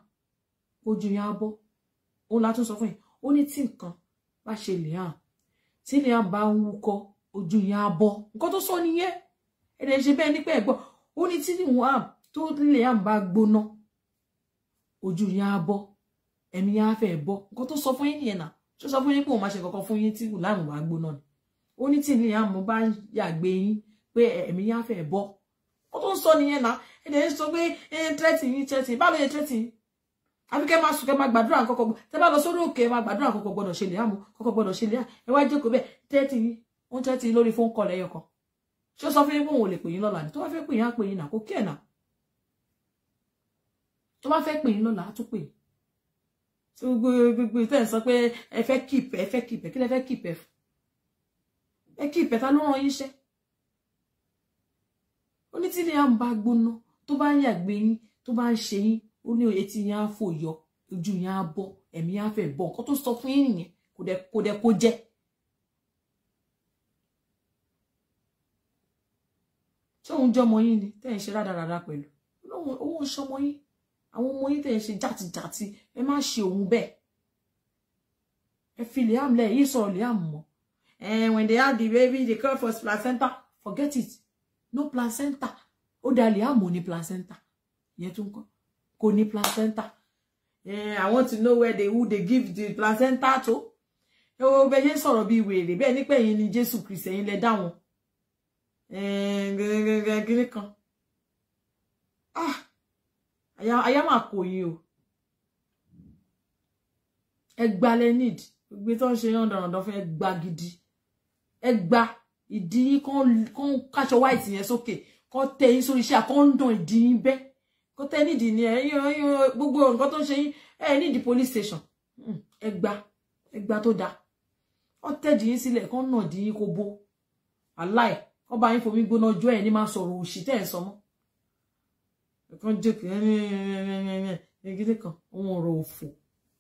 ojú yẹn á bọ́ òun la tún sọ fún yín ó ní tí nǹkan bá ṣe Liam tí Liam bá ń wúkọ́ ojú yẹn á bọ́ nǹkan tó sọ nìyẹn ẹ̀rẹ̀ ṣe bẹ́ẹ̀ nípa ẹ̀gbọ́n ó ní tí Liam tó Liam bá gbóná ojú yẹn á bọ́ ẹ̀mí yẹn á fẹ́ bọ́ nǹkan tó sọ fún yín nìyẹn náà ṣó sọ fún yín pé òun máa ṣe kankan fún yín tí kù láàrùn wàá gbóná ni ó ní tí ìlú àmú bá yàgbé yín pé ẹ̀mí yá fẹ́ bọ́ ó tó ń sọ nìyẹn náà ẹ̀dẹ̀ ń sọ pé ẹ̀yìn tẹ́tì yín tẹ́tì bá lóye tẹ́tì àbí máa sùn kẹ́ máa gbàdúrà kọ́kọ́ tẹ́ bá lọ sórí òkè máa gbàdúrà kọ́kọ́ gbọ́dọ̀ ṣe lè kọ́kọ́ gbọ́dọ̀ ṣe lè ẹ gbogbo gbogbo tẹ́ ẹ̀ sọ pé ẹ fẹ́ kìpẹ́ ẹ fẹ́ kìpẹ́ kí lẹ fẹ́ kìpẹ́ fún ẹ kìpẹ́ ta ló ràn yín ṣẹ́ ó ní tí ilé à ń bá gbóná tó bá ń yàgbé yín tó bá ń ṣe yín ó ní etí yín á fò yọ ojú yín á bọ ẹ̀mí á fẹ́ bọ nǹkan tó sọ fún yín nìyẹn kò dẹ̀ kò dẹ̀ kó jẹ́. ṣé òun jọmọ yín ni tẹ́ ẹ̀ ń ṣe rádaràda pẹ̀lú òun ò ṣọmọ yín àwọn ọmọ yín tẹ̀ ń ṣe játijàti ẹ má ṣe òun bẹ́ẹ̀ ẹ fi Liam lẹ̀ yìí sọ̀rọ̀ Liam mọ́ and when they have the baby they call for placenta forget it no placenta ó da Liam ò ní placenta ìyẹn tó ń kọ́ kò ní placenta I want to know where they who they give the placenta to ó bẹ yẹn sọ̀rọ̀ bíi wèrè bẹ́ẹ̀ ní pẹ̀yìn ni Jésù Kristi ẹ̀yin lẹ dá wọn gẹ́gẹ́gẹ́gẹ́ kan ah Aya máa kò yìí o ẹgba lẹ need gbogbo tó ń ṣe yán dandan fún ẹgba gidi ẹgba ìdí kon kán káṣọ white yẹn sókè kán tẹ yín sórí iṣẹ́ àkọ́ńdàn ìdí yín bẹ́ kán tẹ nídìí ni ẹ̀yìn gbogbo nǹkan tó ń ṣe yín ẹ̀ police station hmm, ẹgba ẹgba to da. kán tẹ̀dí yín sílẹ̀ kán nà dí yín kó bó aláì kán bá yín fomi gbóná ọjọ́ ẹ̀ ní máa sọ̀rọ̀ òṣì tẹ́ ẹ̀ sọ mọ́ kan jókè eh, gidi kan ohun ọ̀rọ̀ òfò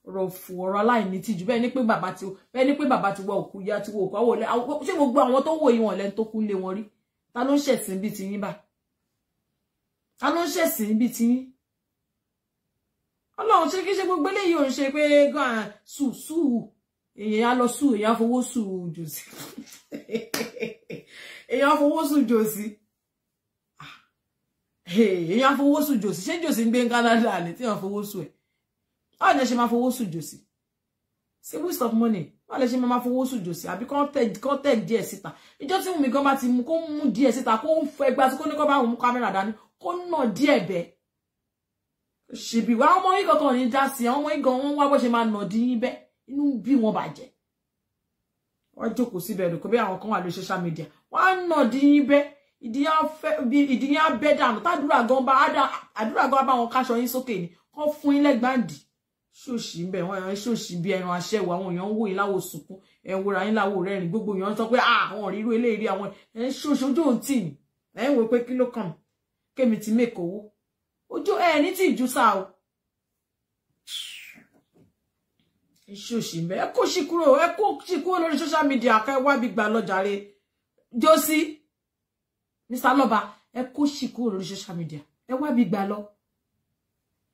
ọ̀rọ̀ òfò ọ̀rọ̀ aláìní tìjú bẹ́ẹ̀ ni pé bàbá ti bẹ́ẹ̀ ni pé bàbá ti wọ òkú ya ti wọ òkú àwọn olè ṣé gbogbo àwọn tó ń wòye wọn lẹ́nu tó kú lé wọn rí ta ló ń ṣẹ̀sìn bíi tiyín bá ta ló ń ṣẹ̀sìn bíi tiyín Ọlọ́run ṣe kí ṣe gbogbo eléyìí ò ń ṣe pé gan sùn sùn èèyàn á lọ sùn èèyàn á fowó sùn jòsì èèyàn á fowó sùn jòsì èèyàn fowó sùn jòsì ṣé jòsì ń gbé ní Canada ni tí wọn fowó sùn ẹ báwo ni ẹ ṣe máa fowó sùn jòsì ṣé waste of money báwo lẹ ṣe máa fowó sùn jòsì àbí kọ́ tẹ̀ díẹ̀ síta ìjọ tí wùmí gan bá ti mú kó mú díẹ̀ síta kó ń fẹ́ gbá sí kó ní kó bá wọn mú kámẹ́rà dání kó nà díẹ̀ bẹ́ẹ̀ ṣèbí wa ọmọ yìí kankan ní dá sí àwọn ọmọ yìí gan wọn wá bó ṣe máa nà dín yín bẹ inú bí wọn bàjẹ́ wọn jókòó síbẹ̀ rẹ̀ kó bí àwọn kan wà lórí social media wọn á nà dín yín bẹ́ẹ̀ ìdí yẹn á bẹ́ dànù tádùúrà gan bá àdúrà gan bá wọn káṣọ yín sókè ni kán fún yín lẹ́gbàndì ṣòṣì ń bẹ̀ wọ́n ẹran ṣòṣì bí ẹran aṣẹ́wó àwọn èèyàn ń wò yín láwo sunkún ẹ̀ ń wòrà yín láwo rẹ́rìn gbogbo èèyàn sọ pé àwọn ah, òríró eléyìí rí àwọn ẹ̀ ń ṣòṣì ojú òun tì ní ẹ̀ ń wò pé kí ló kàn kémi ti mèkó owó ojú ẹ̀ ní tí ìjú sá o ṣòṣì ń bẹ̀ ẹ kó ṣì kúrò ẹ kó ṣì kúrò lórí social media kẹ́ wábi gbà lọ́jàre Josie Mr. Lọ́ba ẹ kó sì kúrò social media ẹ wá bí gbà lọ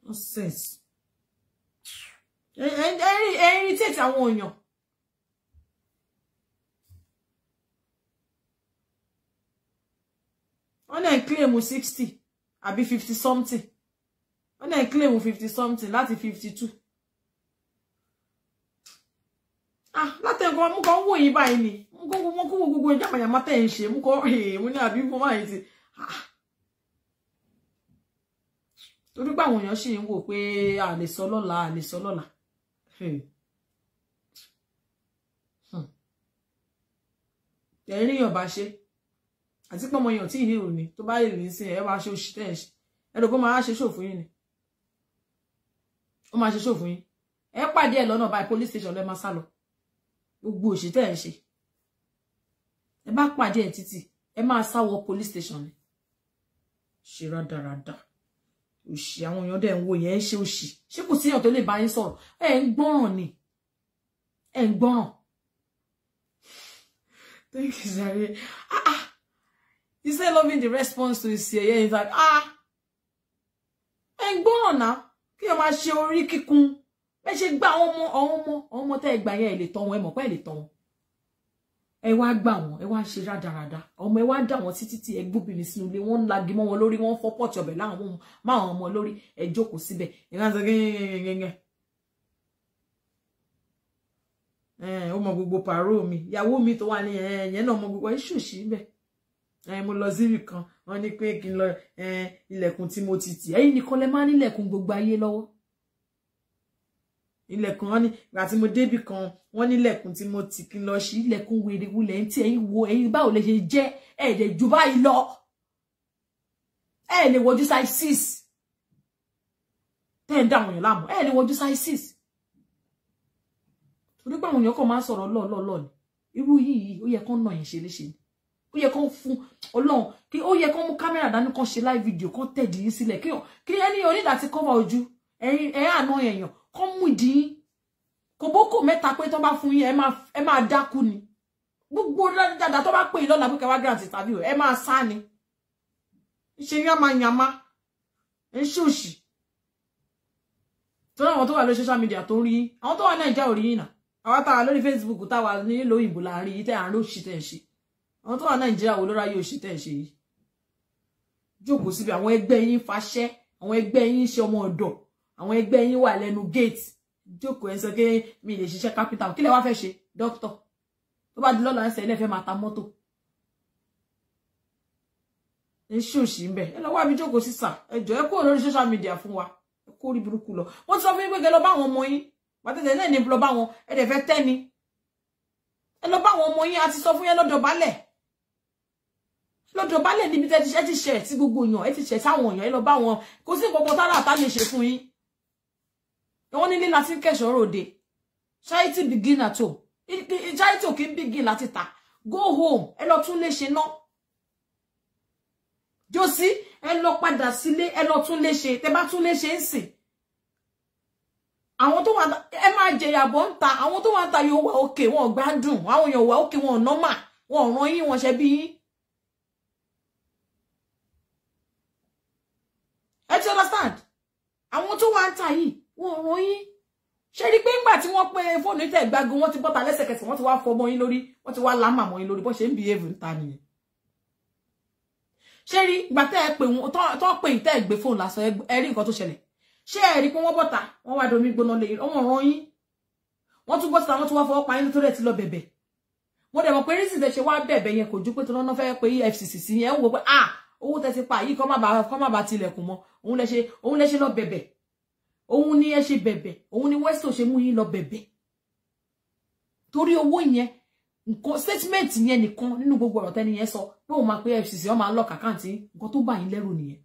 nonsense ẹ irritate àwọn èèyàn wọ́n náà claim sixty àbí fifty something wọ́n náà claim fifty something láti fifty two ah látẹ̀kọ́ mú kan wò yí báyìí ni mú wo gbogbo jámayàmá tẹ̀ ń ṣe mú kọ́ mo ní àbí mo máa ń ti ah. torí pé àwọn èèyàn sì ń wò pé a lè sọ lọ́la a lè sọ lọ́la hmm. Hmm. ẹ̀rín yàn bá ṣe àti pé ọmọ yàn tí ìhìn To tó bá lè ní sí ẹ wá ṣe oṣù tẹ́ ẹ ṣe ẹ rò pé máa ṣe ṣòfò yín ni ó máa ṣe ṣòfò yín ẹ pàdé ẹ lọ́nà báyìí police station lẹ́ẹ̀ máa sá lọ gbogbo òṣì tẹ́ ẹ ṣe ẹ bá pàdé ẹ̀ títì ẹ máa sáwọ police station ni ṣe rádaràda òṣì àwọn èèyàn dẹ̀ ń wo yẹn ṣe òṣì ṣé kò síyàn tó lè bá yín sọ̀rọ̀ ẹ ń gbọ́ràn ni ẹ ń gbọ́ràn thank you sare ah ah say loving the response to this yeye he's like ah ẹ ń gbọ́ràn náà kí ẹ máa ṣe orí kíkún ẹ ṣe gba àwọn ọmọ àwọn ọmọ àwọn ọmọ tẹ́ ẹ gbà yẹn ẹ lè tọ́ wọn ẹ ẹ wá gbà wọn ẹ wá ṣe rádaràda ọmọ ẹ wá dà wọn títí tí ẹ gbóbìnrin sínú ilé wọn ń lagi mọ́ wọn lórí wọn ń fọ́ pọ̀tì ọbẹ̀ láwọn máwọn ọmọ lórí ẹ jókòó síbẹ̀ ẹ máa ń sọ gẹgẹgẹgẹgẹ gbogbo pàrọ mi ìyàwó mi tó wà ní ẹyẹn náà mọ gbogbo ẹ ṣòṣì bẹ́ẹ̀ mo lọ sí ibìkan wọn ní pé kí n lọ ilẹ̀kùn tí mo ti tì ẹ̀yin nìkan lẹ máa nílẹ̀kùn gbogbo ayé lọ́wọ́ ilẹ̀kùn wọn ni ìgbà tí mo débì kan wọ́n nílẹ̀kùn tí mo tì kí n lọ sí ilẹ̀kùn wèrè wulẹ̀ ń tí ẹ̀yin wo ẹ̀yin báwo lè ṣe jẹ́ ẹ̀ẹ́dẹ̀ jù báyìí lọ ẹ̀ lè wojú size six tẹ́ ẹ̀ ń dá àwọn èèyàn láàmú ẹ̀ lè wojú size six torí pé àwọn èèyàn kan máa ń sọ̀rọ̀ lọ́ọ̀lọ́ọ̀lọ́ ni irú yìí ó yẹ kán nà yín ṣe léṣe ni ó yẹ kán fún ọlọ́run kí ó yẹ kán mú kámẹ́rà dání kán live video kán tẹ̀dí yín sílẹ̀ kí ẹni onídàá ti cover ojú ẹ̀yin ẹ̀ àná èèyàn kọ́ mú ìdí yín kòbókò mẹ́ta pé tó bá fún yín ẹ máa dákú ni gbogbo dáadáa tó bá pè yín lọ́la pé wá grant interview ẹ máa sá ni ṣe yánmayànmá ń ṣòṣì tó láwọn tó wà lórí social media tó rí àwọn tó wà nàìjíríà ò rí yìí nà àwa tá wà lórí Facebook tá wà nílò òyìnbó là ń rí yìí tẹ́ à ń róṣì tẹ́ ń ṣe àwọn tó wà nàìjíríà wò lóra yóò ṣì tẹ́ ń ṣe yìí jókòó síbi àwọn ẹgbẹ́ yín faṣẹ́ àwọn ẹgbẹ́ yín ṣe ọmọ àwọn ẹgbẹ́ yín wà lẹ́nu gate jókòó ẹ̀ sọ pé mi lè ṣiṣẹ́ capital kí lẹ wá fẹ́ ṣe dókítà tó bá di lọ́la ẹsẹ̀ ilé fẹ́ máa ta mọ́tò ẹ ṣòṣì ń bẹ̀ ẹ lọ wá mi jókòó sísà ẹ jọ ẹ kúrò lórí social media fún wa ẹ kó rí burúkú lọ wọ́n ti sọ fún yín pé kẹ lọ bá àwọn ọmọ yín pàtẹ́tẹ́ náà ní lọ bá wọn ẹ dẹ̀ fẹ́ tẹ́ni ẹ lọ bá àwọn ọmọ yín a ti sọ fún yín lọ́dọ̀ balẹ̀ lọ́dọ̀ balẹ̀ níbi tẹ́ ti ṣe ti ṣe ti gbogbo èèyàn ẹ ti ṣe sáwọn èèyàn ẹ lọ bá wọn kò sí nǹkan kan tára àtà ṣe fún yín wọ́n nílé láti ń kẹ̀ṣọ́ ròde charity begin at home charity ò kí ń begin láti ta go home ẹ lọ tún lè ṣe ná josi ẹ lọ padà sílé ẹ lọ tún lè ṣe tẹ bá tún lè ṣe ń sìn àwọn tó wà ẹ máa jẹyàbọ ń ta àwọn tó wà ń ta yóò wà òkè wọn gbádùn àwọn èèyàn wà òkè wọn nọ́mà wọn ràn yín wọn ṣe bí yín. ẹ ti understand àwọn tó wà ń ta yìí wọn ò yín ṣe rí pé ńgbà tí wọ́n pe fóònù yìí tẹ̀ gbágun wọ́n ti bọ́ta lẹ́sẹ̀kẹsẹ̀ wọ́n ti wá fọmọ yín lórí wọ́n ti wá lámà mọ́ yín lórí bó ṣe ń bìhéèvù ń ta nìyẹn ṣe rí ìgbà tẹ́ ẹ pè wọn tọ́ pè yìí tẹ́ ẹ gbé fóònù lásán ẹ rí nǹkan tó ṣẹlẹ̀ ṣé ẹ rí pé wọ́n bọ́ta wọ́n wá domi gbóná lè wọ́n ràn yín wọ́n tún bọ́ta wọ́n tún wá fọwọ́ pa yín nítorí ẹ̀ ti lọ bẹ̀bẹ̀ wọ́n dẹ̀ mọ̀ pé rísì tẹ̀ ṣe wá bẹ̀bẹ̀ yẹn kò ju pé tó lọ́nà fẹ́ òun ni ẹ ṣe bẹ̀bẹ̀ òun ni Westo ṣe mú yín lọ bẹ̀bẹ̀ torí owó yẹn nǹkan statement yẹn nìkan nínú gbogbo ọ̀rọ̀ tẹ́ni yẹn sọ pé òun máa pé FCC ọ máa nǹkan tó bà yín lẹ́rù nìyẹn